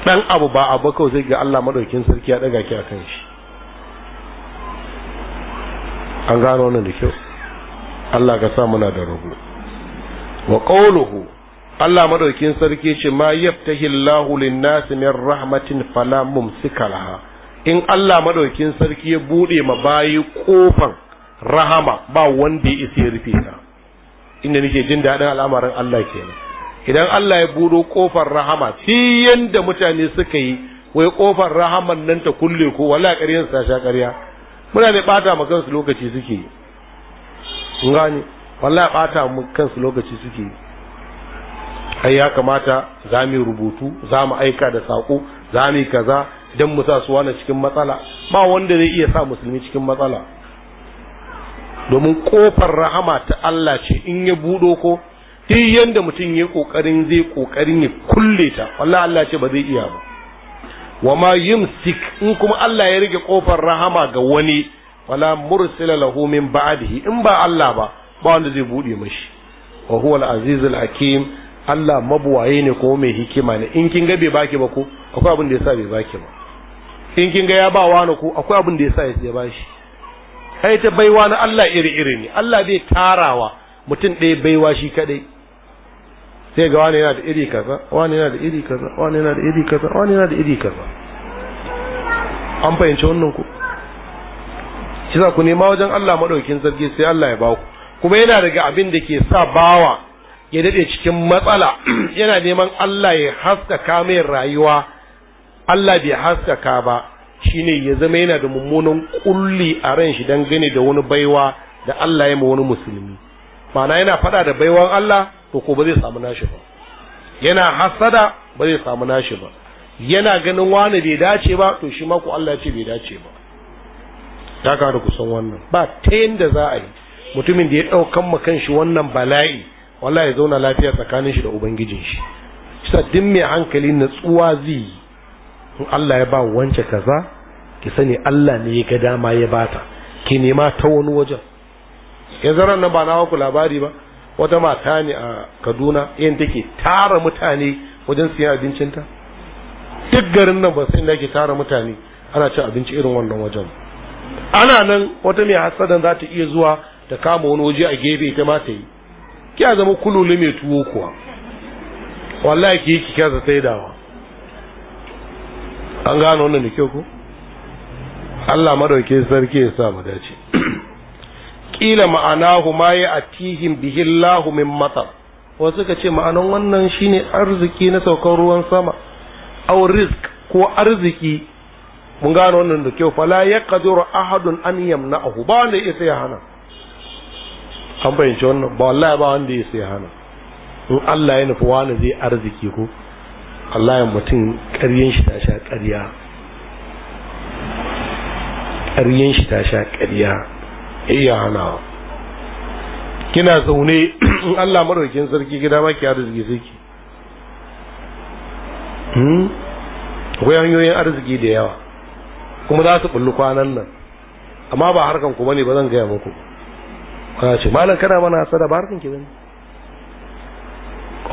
dan abu ba abu kawai sai ga Allah madaukin sarki ya daga ki akan shi an gano wannan da kyau Allah ka sa muna da rabu wa qawluhu Allah madaukin sarki ce ma yaftahi Allahu lin-nasi min rahmatin fala mumsika laha in Allah madaukin sarki ya bude ma bayi kofan rahama ba wanda ya isa ya rufe ta inda nake jin daɗin al'amarin Allah kenan idan Allah ya buɗo kofar rahama shi yanda mutane suka yi wai kofar rahaman nan ta kulle ko wala ƙaryan sa sha ƙarya muna ne bata mu kansu lokaci suke yi kun gane wallahi bata mu kansu lokaci suke yi ai ya kamata za mu rubutu za mu aika da sako za mu kaza don mu sa su wani cikin matsala ba wanda zai iya sa musulmi cikin matsala domin kofar rahama ta Allah ce in ya budo ko duk yanda mutum ya kokarin zai kokarin ya kulle ta wallahi Allah ce ba zai iya ba wa ma yumsik in kuma Allah ya rike kofar rahama ga wani wala mursila lahu min ba'dihi in ba Allah ba ba wanda zai bude mashi wa huwa al azizul hakim Allah mabuwaye ne ko mai hikima ne in kin ga bai baki ba ko akwai abin da yasa bai baki ba in kin ga ya ba wani ko akwai abin da ya sa ya ba shi kai ta baiwa na Allah iri-iri ne Allah bai tarawa mutum ɗaya baiwa shi kadai sai ga wani yana da iri kaza wani yana da iri kaza wani yana da iri kaza wani yana da iri kaza an fahimci wannan ku shi za ku nema wajen Allah madaukin sarki sai Allah ya baku kuma yana daga abin da ke sa bawa ya dade cikin matsala yana neman Allah ya haskaka mai rayuwa Allah bai haskaka ba shine ya zama yana da mummunan kulli a ran shi dangane da wani baiwa da Allah ya ma wani musulmi ma'ana yana fada da baiwan Allah to ko ba zai samu nashi ba yana hasada ba zai samu nashi ba yana ganin wani bai dace ba to shi ma ko Allah ce bai dace ba ta da san wannan ba ta yadda za a yi mutumin da ya ɗaukan ma kanshi wannan bala'i wallahi ya zauna lafiya tsakanin shi da ubangijin shi sa duk mai hankali natsuwa zai yi in Allah ya ba wance kaza ki sani Allah ne ya ga dama ya bata ki nema ta wani wajen yanzu ran nan ba na ku labari ba wata mata ne a Kaduna yayin take tara mutane wajen siyan ta duk garin nan ba sai da ke tara mutane ana cin abinci irin wannan wajen ana nan wata mai hasadan za ta iya zuwa ta kama wani waje a gefe ta ma ta yi kiya zama kululu mai tuwo kuwa wallahi ki yi ki kasa saidawa an gano wannan da kyau ko Allah madauke sarki ya sa mu dace kila ma'anahu ma ya atihim bihillahu min matar wasu suka ce ma'anan wannan shine arziki na saukar ruwan sama aw rizq ko arziki mun gano wannan da kyau fala yaqdiru ahadun an yamna'ahu ba wanda ya sai hana an bayyance wannan ba wallahi ba wanda ya sai hana in Allah ya nufi wani zai arziki ko Allah mutum ƙaryen shi ta sha ƙarya ƙaryen shi ta sha ƙarya iya eh, hanawa kina zaune in Allah maraukin sarki gida ma ki arziki sai ki hmm? akwai hanyoyin arziki da yawa kuma za su bulli kwanan nan amma ba harkan ku bane ba zan gaya muku kana ce malam kana mana sada ba harkan ki bane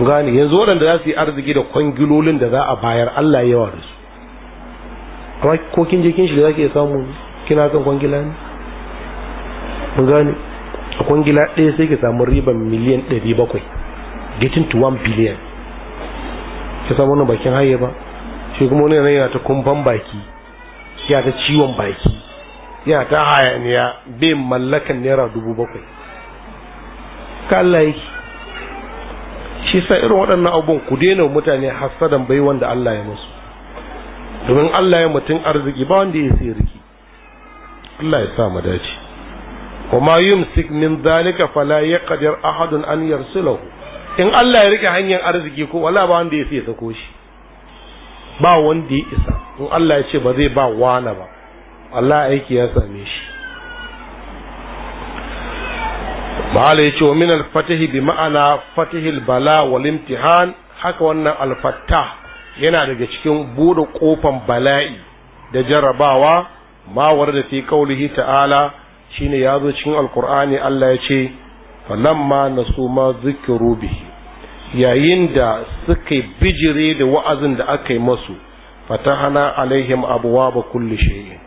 ku gane yanzu waɗanda za su yi arziki da kwangilolin da za a bayar Allah yawa da su amma ko kin je kin shiga za ki samu kina kan kwangila ne mun gane a kwangila ɗaya sai ki samu riban miliyan ɗari bakwai getting to one billion ki samu wani bakin haye ba shi kuma wani yana ta kumfan baki ya ta ciwon baki ya ta hayaniya bai mallakan naira dubu bakwai ka Allah yake shi sa irin waɗannan abun ku daina mutane hasadan bai wanda Allah ya musu domin Allah ya mutum arziki ba wanda ya sai riki Allah ya sa mu dace kuma yumsik min zalika fala yaqdir ahadun an yarsulahu in Allah ya rike hanyar arziki ko wala ba wanda ya sai sako shi ba wanda ya isa in Allah ya ce ba zai ba wani ba Allah aiki ya same shi ya ce wa min bi ma'ana fatihil bala wal imtihan haka wannan alfatah yana daga cikin bude kofan bala'i da jarrabawa ma warda fi kaulihi ta'ala shine zo cikin alkur'ani Allah ya yace falamma nasu ma zikiru bihi yayin da suka bijire da wa'azin da aka yi masu fatahana alaihim abuwa ba kulli shay'in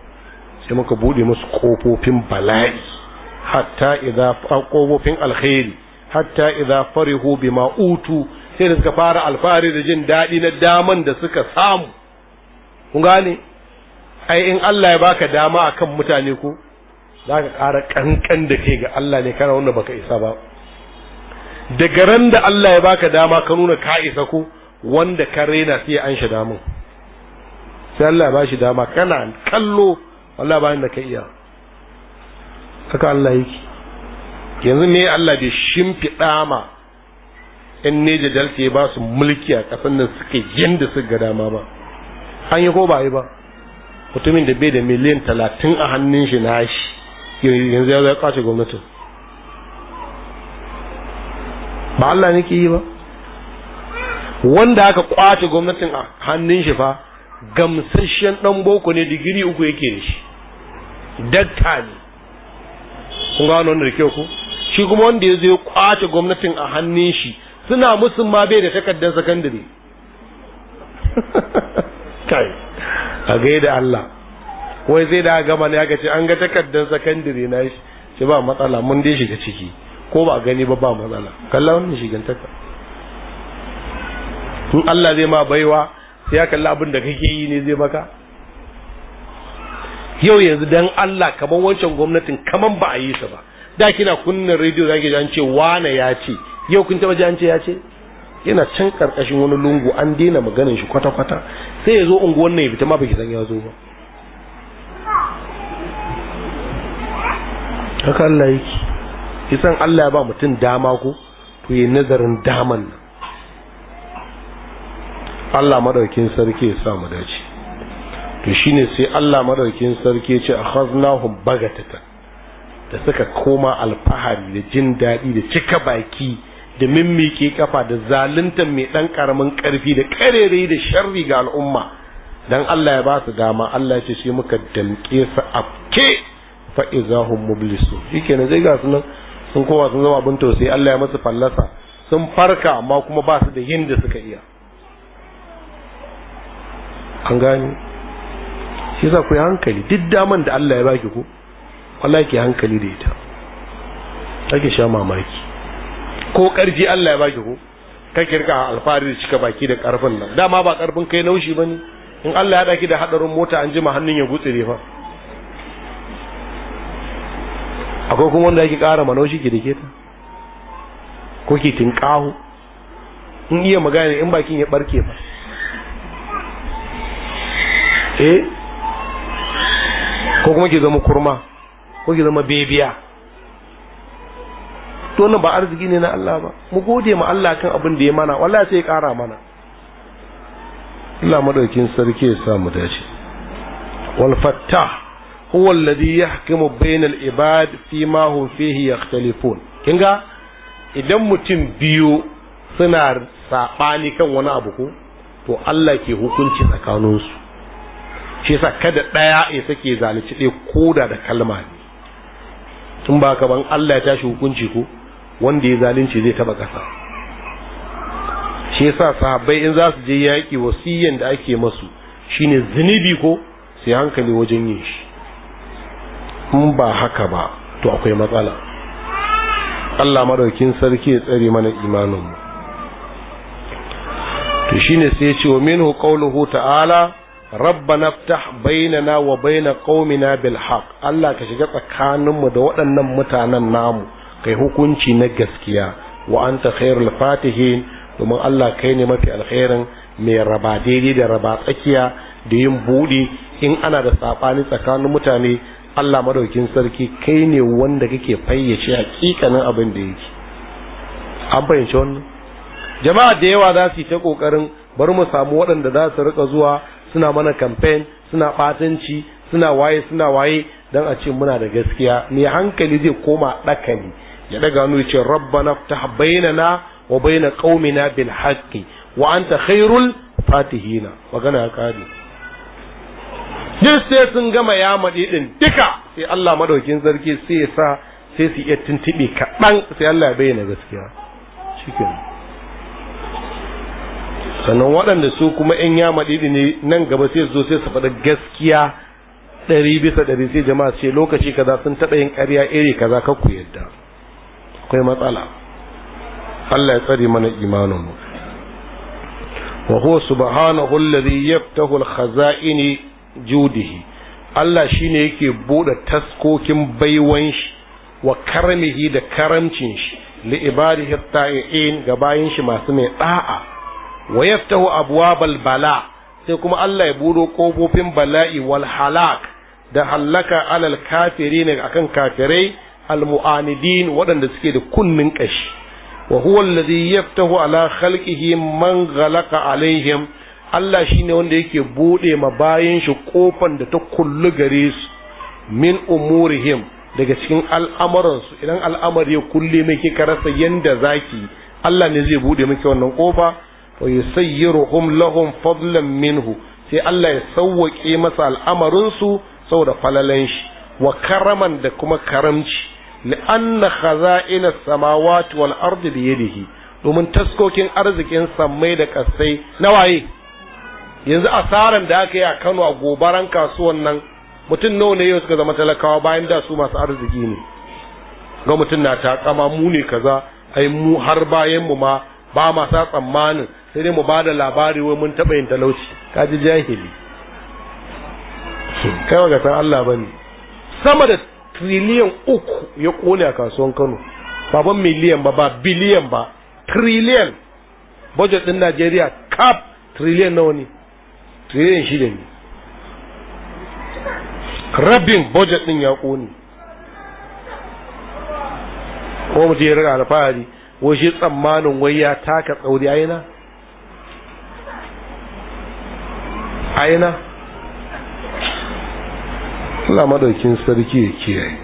sai muka bude musu kofofin bala'i hatta idza ƙofofin alkhairi hatta idza farihu bima utu sai da suka fara alfahari da jin daɗi na daman da suka samu kun gane ai in Allah ya baka dama akan mutane ku, za ka ƙara ƙanƙan da kai ga Allah ne kana wanda baka isa ba daga ran da Allah ya baka dama ka nuna ka isa ko wanda ka raina sai an shi damun sai Allah ya bashi dama kana kallo wallahi ba da ka iya haka Allah yake yanzu me Allah bai shimfiɗa ma in ne jadal ke ba su mulki a ƙasar nan suke yanda su ga dama ba an yi ko ba yi ba mutumin da bai da miliyan talatin a hannun shi na shi yanzu ya zai kwace gwamnatin ba Allah ne ke yi ba wanda aka kwace gwamnatin a hannun shi fa gamsasshen dan boko ne digiri uku yake da shi dakta ne kun gano wannan da ke ko shi kuma wanda ya zai kwace gwamnatin a hannun shi suna musun ma bai da takardar sakandare kai a gaida Allah wai zai da gama ne aka ce an ga takardar sakandare na shi ce ba matsala mun dai shiga ciki ko ba gani ba ba matsala kalla wannan shigantaka in Allah zai ma baiwa sai ya kalla abin da kake yi ne zai maka yau yanzu dan Allah kamar wancan gwamnatin kamar ba a yi sa ba da kina kunnen rediyo zaki ji an ce wane ya ce yau kun taba ji an ce ya ce yana can karkashin wani lungu an daina maganin shi kwata kwata sai ya zo unguwan nan ya fita ma baki san ya zo ba haka Allah yake kisan Allah ya ba mutum dama ko to yi nazarin daman nan Allah madaukin sarki ya sa mu dace to shine sai Allah madaukin sarki ya ce a akhaznahum bagatatan da suka koma alfahari da jin daɗi da cika baki da mimmike kafa da zalunta mai dan karamin karfi da karere da sharri ga al'umma dan Allah ya ba su dama Allah ya ce sai muka damke su afke fa izahum mublisu shikenan zai ga sunan sun kowa sun zama abin tausayi Allah ya masu fallasa sun farka amma kuma ba su da yin da suka iya an gani yasa ku yi hankali duk daman da Allah ya baki ku wallahi ki hankali da ita kake sha mamaki ko karfi Allah ya baki ku kake rika alfahari da cika baki da karfin nan dama ba karfin kai naushi bane in Allah ya daki da hadarin mota an jima hannun ya gutsire fa akwai kuma wanda yake kara naushi ki dake ta ko ki tinkahu in iya magana in bakin ya barke ba eh ko kuma ke zama kurma ko ke zama bebiya to ba arziki ne na Allah ba mu gode ma Allah kan abin da ya mana wallahi sai ya kara mana Allah madaukin sarki ya sa mu dace wal fattah huwa alladhi yahkimu al ibad fi ma hum fihi yakhtalifun kinga idan mutum biyu suna sabani kan wani abu ko to Allah ke hukunci tsakaninsu shi yasa kada daya ya sake zalunci ɗaya koda da kalma ne tun ba ka ban Allah ya tashi hukunci ko wanda ya zalunci zai taba kasa shi yasa sahabbai in za su je yaki wasiyyan da ake masu shine zunubi ko sai hankali wajen yin shi in ba haka ba to akwai matsala Allah madaukin sarki ya tsare mana imaninmu to shine sai ya ce wa minhu qawluhu ta'ala rabbana ftah bainana wa baina qaumina bil haqq Allah ka shiga tsakaninmu da waɗannan mutanen namu kai hukunci na gaskiya wa anta khairul fatihin domin Allah kai ne mafi alkhairin mai raba daidai da raba tsakiya da yin buɗe in ana da saɓani tsakanin mutane Allah madaukin sarki kai ne wanda kake fayyace hakikanin abin da yake an fahimci wannan jama'a da yawa za su yi ta kokarin bari mu samu waɗanda za su rika zuwa suna mana campaign suna batanci suna waye suna waye dan a ce muna da gaskiya ne hankali zai koma dakali ya daga hannu ya ce rabbana ftah bainana wa baina qaumina bil haqqi wa anta khairul fatihina magana ya kare duk sai sun gama ya maɗi ɗin duka sai Allah madaukin sarki sai ya sa sai su iya tuntuɓe kaɗan sai Allah ya bayyana gaskiya shikenan sannan waɗanda su kuma yan yama ɗiɗi ne nan gaba sai zo sai su faɗa gaskiya ɗari bisa ɗari sai jama'a ce lokaci kaza sun taɓa yin ƙarya iri kaza ka ku yadda akwai matsala Allah ya tsare mana imanin wa huwa subhanahu alladhi yaftahu al-khaza'ini judihi Allah shine yake bude taskokin baiwan shi wa karmihi da karamcin shi li ibadihi ta'iin ga bayin shi masu mai da'a wa yaftahu abwabal bala sai kuma Allah ya buɗo kofofin bala'i wal halak da hallaka alal kafirin akan kafirai al mu'anidin waɗanda suke da kunnin ƙashi? wa huwa alladhi yaftahu ala khalqihi man ghalaqa alaihim Allah shine wanda yake buɗe ma bayan shi kofan da ta kullu gare su min umurihim daga cikin al'amuransu idan al'amari ya kulle miki karasa rasa yanda zaki Allah ne zai buɗe miki wannan kofa wa yusayyiruhum lahum fadlan minhu sai Allah ya sauwake masa al'amarin su saboda falalan shi wa karaman da kuma karamci li anna khaza'ina samawati wal ardi bi yadihi domin taskokin arzikin sammai da kasai nawaye yanzu asaran da aka yi a Kano a gobaran kasuwan nan mutum nawa ne yau suka zama talakawa bayan da su masu arziki ne ga mutum na ta kama mu ne kaza ai mu har bayan mu ma ba masa tsammanin sai dai mu ba da labari wai mun taɓa yin talauci kaji jahili kai wa san Allah ba ne sama da triliyan uku ya kone a kasuwan Kano baban miliyan ba ba biliyan ba triliyan budget din Najeriya kap triliyan nawa ne triliyan shida ne rabin budget din ya kone ko mutum ya riga alfahari wai shi tsammanin wai ya taka tsauri aina aina Allah madaukin sarki ya kiyaye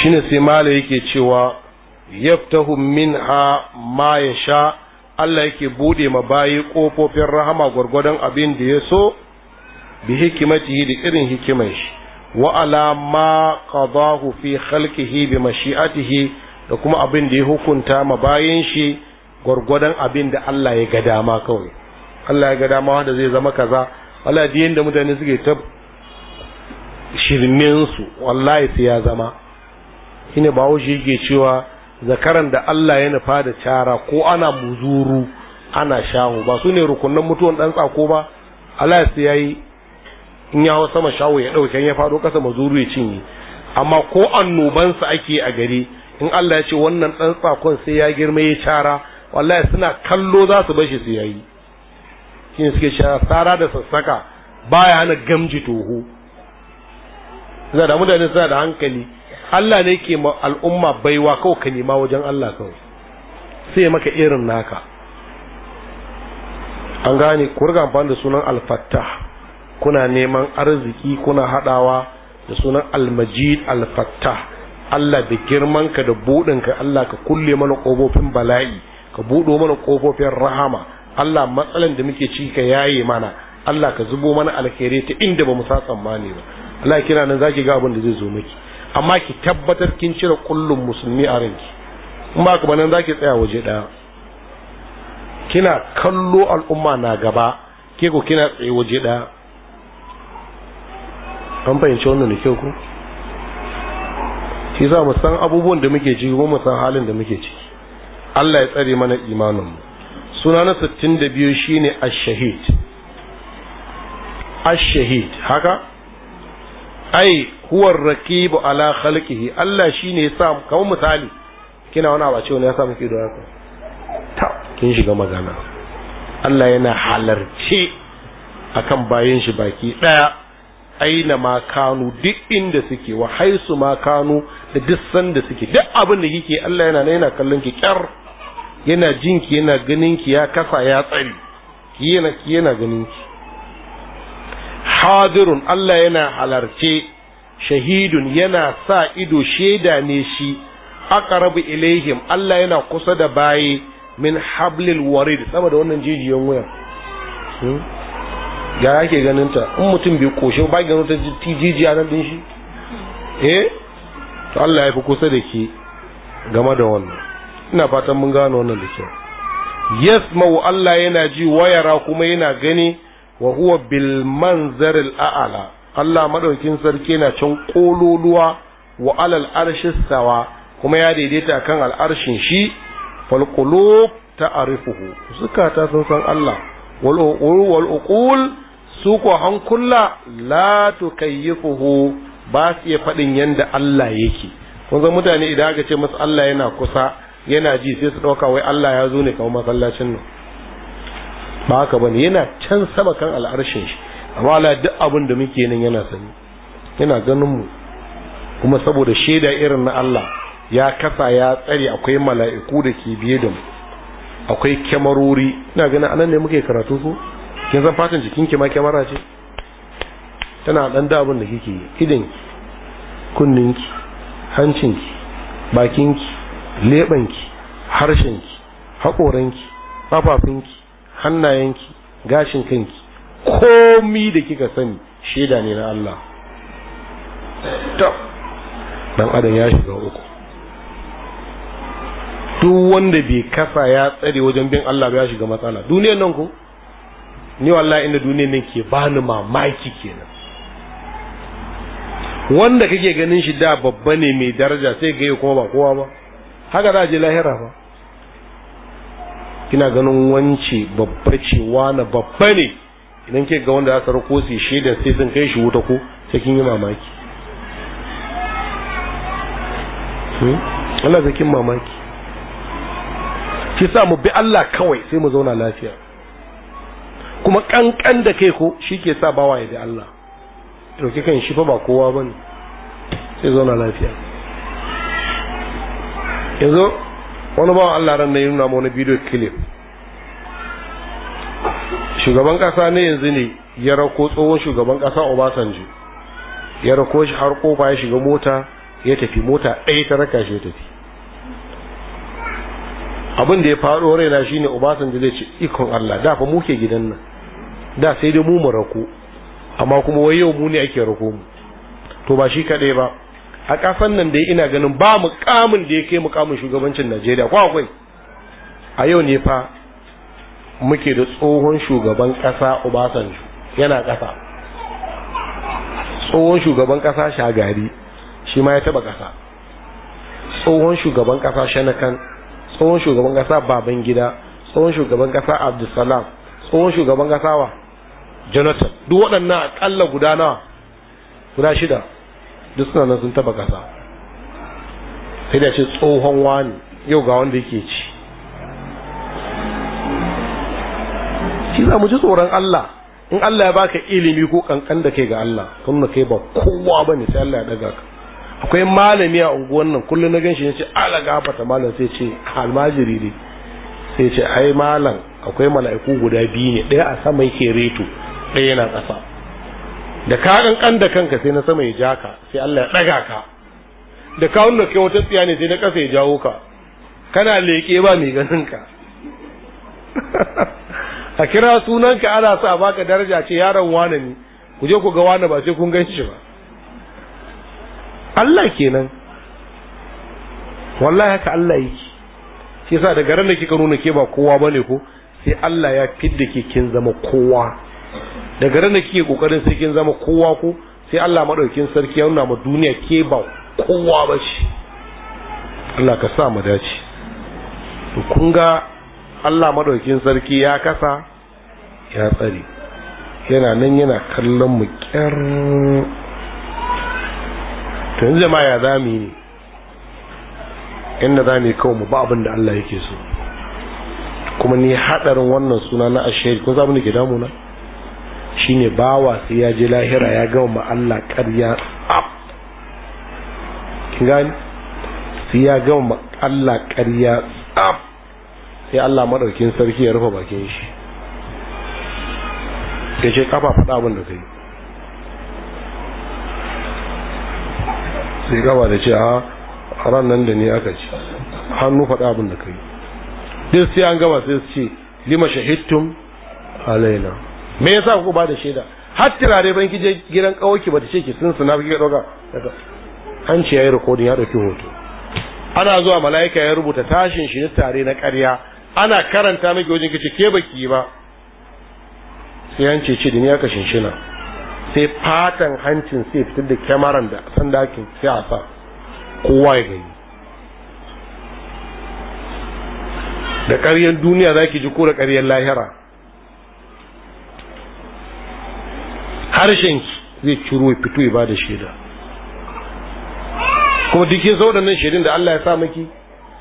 shine sai mala yake cewa yaftahu minha ma sha. Allah yake bude ma bayi kofofin rahama gwargwadon abin da ya so bi hikimatihi da irin hikimar shi wa ala ma qadahu fi khalqihi bi mashi'atihi da kuma abin da ya hukunta ma bayin shi gwargwadon abin da Allah ya ga dama kawai Allah ya ga dama da zai zama kaza Allah ji yanda mutane suke ta shirmin su wallahi sai ya zama shine ba wuce yake cewa zakaran da Allah ya nufa da cara ko ana muzuru ana shahu ba su ne rukunan mutuwan dan tsako ba Allah sai yayi in ya hau sama shahu ya dauke ya fado kasa muzuru ya cinye amma ko sa ake a gari in Allah ya ce wannan dan tsakon sai ya girma ya cara wallahi suna kallo za su bashi su yayi shine suke sha tsara da sassaka baya hana gamji toho za da mutane suna da hankali Allah ne ke ma al'umma baiwa kawai ka nema wajen Allah kawai sai maka irin naka an gane ku riga amfani da sunan alfatta, kuna neman arziki kuna hadawa da sunan almajid alfatta, Allah da girmanka da buɗinka Allah ka kulle mana kofofin bala'i ka buɗo mana kofofin rahama Allah matsalan da muke ciki ka yaye mana Allah ka zubo mana alkhairi ta inda bamu sa tsammani ba Allah kira nan zaki ga abin da zai zo miki amma ki tabbatar kin cire kullum musulmi a ranki in ba ka banan zaki tsaya waje daya kina kallo al'umma na gaba ke ko kina tsaye waje daya an fahimci wannan da kyau ko shi za mu san abubuwan da muke ciki kuma mu san halin da muke ciki Allah ya tsare mana imanin mu suna na sittin da biyu shine ash-shahid ash-shahid haka ai huwa raqibu ala khalqihi Allah shine ya sa kamar misali kina wani abace wani ya sa muke da haka ta kin shiga magana Allah yana halarce akan bayan shi baki daya aina ma kanu duk inda suke wa haisu ma kanu da duk sanda suke duk abin da kike Allah yana yana kallon ki kyar yana jinki yana ganinki ya kafa ya tsari ki yana ki yana ganinki hadirun Allah yana halarce shahidun yana sa ido shaida ne shi aqrabu ilaihim Allah yana kusa da baye min hablil warid sama da wannan jijiyan waya hmm? ga yake ganin in mutum bai koshe ba ganin ta jijiya nan din shi eh to Allah ya fi kusa da ke game da wannan ina fatan mun gano wannan da kyau yasma'u Allah yana ji wayara kuma yana gani wa huwa bil manzar al Allah madaukin sarki yana cin kololuwa wa alal arshi sawa kuma ya daidaita kan al'arshin shi fal qulub ta'rifuhu zukata sun san Allah wal wal uqul su ko hankula la tukayyifuhu ba su iya faɗin yanda Allah yake kun san mutane idan aka ce masa Allah yana kusa yana ji sai su ɗauka wai Allah ya zo ne kamar masallacin nan ba haka bane yana can sama kan al'arshin shi amma Allah duk abin da muke nan yana sani yana ganin mu kuma saboda shaida irin na Allah ya kasa ya tsare akwai mala'iku da ke biye da mu akwai kyamarori ina ganin anan ne muke karatu su kin san fatan jikin ki ma kyamara ce tana dan da abin da kike idan kunninki hancinki bakinki lebanki harshenki haƙoranki hannayen hannayenki gashin kanki komi da kika sani shaida ne na Allah to dan adam ya shiga uku duk wanda bai kasa ya tsare wajen bin Allah ba ya shiga matsala duniyar nan ko ni wallahi inda duniyar nan ke bani mamaki kenan wanda kake ganin shi da babba ne mai daraja sai ga kuma ba kowa ba haka za a je lahira ba kina ganin wance babbar ce wani babba ne idan ke ga wanda za su rako su da sai sun kai shi wuta ko sai kin yi mamaki hmm? Allah kin mamaki ki sa mu bi Allah kawai sai mu zauna lafiya kuma kankan da kai ko shi ke sa bawa ya bi Allah to kan shi fa ba kowa bane sai zauna lafiya yanzu wani bawan Allah ran yi nuna wani bidiyo clip shugaban kasa ne yanzu ne ya rako tsohon shugaban kasa Obasanjo ya rako shi har kofa ya shiga mota ya tafi mota ɗaya ta raka shi ya tafi abin da ya faɗo raina shine Obasanjo zai ce ikon Allah da fa muke gidan nan da sai dai mu mu rako amma kuma wai yau mu ne ake rako mu to ba shi kaɗai ba a kasan nan da ina ganin ba mukamin da ya kai mukamin shugabancin najeriya ko akwai a yau ne fa muke da tsohon shugaban kasa obasanjo yana kasa. tsohon shugaban kasa shagari shi ma ya taɓa kasa. tsohon shugaban kasa shanakan tsohon shugaban kasa baban gida tsohon shugaban kasa abdulsalam tsohon shugaban kasa wa jonathan duk waɗannan aƙalla guda nawa guda shida duk suna nan sun taba kasa sai da ce tsohon wani yau ga wanda yake ci shi za mu ji tsoron Allah in Allah ya baka ilimi ko kankan da kai ga Allah na kai ba kowa ba ne sai Allah ya daga ka akwai malami a unguwan nan kullum na ganshi yace ala gafata malam sai ce almajiri ne sai ce ai malam akwai mala'iku guda biyu ne ɗaya a sama yake reto ɗaya yana ƙasa da ka kankan da kanka sai na sama ya ja ka sai Allah ya ɗaga ka da ka wannan kai wata tsiya ne sai na ƙasa ya jawo ka kana leƙe ba mai ganin ka a kira sunan ana sa baka daraja ce yaron wane ne ku je ku ga wane ba sai kun gan shi ba Allah kenan wallahi haka Allah yake shi yasa daga ran da kika nuna ke ba kowa bane ko sai Allah ya fidda ke kin zama kowa daga ranar kike kokarin sai kin zama kowa ko sai Allah madaukin sarki ya nuna ma duniya ke ba kowa ba ce Allah ka sa mu dace to kun ga Allah madaukin sarki ya kasa ya tsare yana nan yana kallon mu kyar to yanzu ma ya zamu ne inda za mu kawo mu ba abin da Allah yake so kuma ni hadarin wannan suna na ashe kun zamu ne ke na? shine bawa sai ya je lahira ya gama ma Allah ƙarya kin gani sai ya gama ma Allah ƙarya sai Allah madaukin sarki ya rufe bakin shi ya ce kafa faɗa abin da kai sai gaba da ce a ran nan da ne aka ce hannu faɗa abin da kai duk sai an gaba sai su ce lima shahittum alaina me yasa ku ba da shaida har tirare ban kije gidan kawoki ba ta ce ki sun suna kike dauka an ce yayi recording ya dauki hoto ana zuwa malaika ya rubuta tashin shi na tare na ƙarya ana karanta miki wajen kice ke baki ba sai an ce din da ni aka shinshina sai fatan hancin sai fitar da kyamaran da sandakin sai a sa kowa ya gani da ƙaryar duniya za ki ji ko da lahira harshen ki zai ciro ya fito ya ba da shaida kuma duk yin nan shaidun da Allah ya sa maki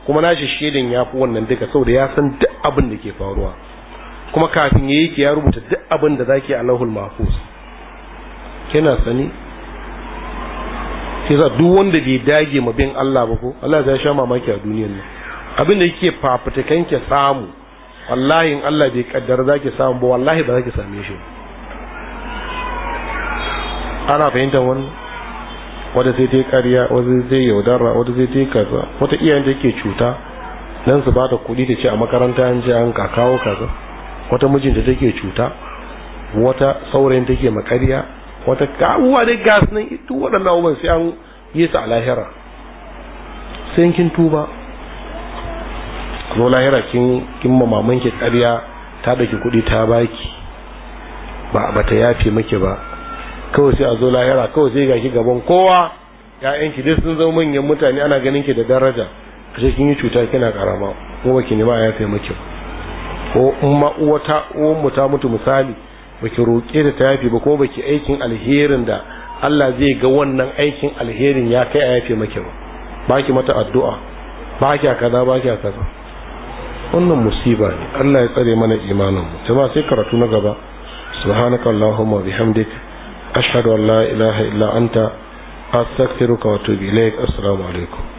kuma shi shaidan ya fi wannan duka saboda ya san duk abin da ke faruwa kuma kafin ya yi ki ya rubuta duk abin da zaki a lahul mahfuz kina sani sai duk wanda bai dage ma bin Allah ba ko Allah ya sha mamaki a duniyar nan abin da yake fafutukan ki samu wallahi in Allah bai kaddara zaki samu ba wallahi ba zaki same shi ba ana fahimtar wani wata zai ta yi ƙarya wata zai yaudara wata zai ta yi kaza wata iyayen da ke cuta nan su ba ta kuɗi ta ce a makaranta an je an kawo kaza wata mijinta take cuta wata saurayin take makariya wata kawuwa dai gas nan duk waɗanda abubuwan sai an yi su a lahira sai kin tuba zo lahira kin kin mamaman ki ƙarya ta daki kuɗi ta baki ba ba ta yafe miki ba kawai sai a zo lahira kawai sai ga shi gaban kowa ya'yan ki dai sun zama manyan mutane ana ganin ki da daraja ashe kin yi cuta kina karama kuma ki nema ya kai miki ko umma uwata uwan mu ta mutu misali baki roƙe ta ta yafe ba ko baki aikin alherin da Allah zai ga wannan aikin alherin ya kai a yafe miki ba baki mata addu'a baki kaza baki kaza wannan musiba ne Allah ya tsare mana imanin mu jama'a sai karatu na gaba subhanakallahumma bihamdika ashhadu la ilaha illa anta astaghfiruka wa assalamu alaikum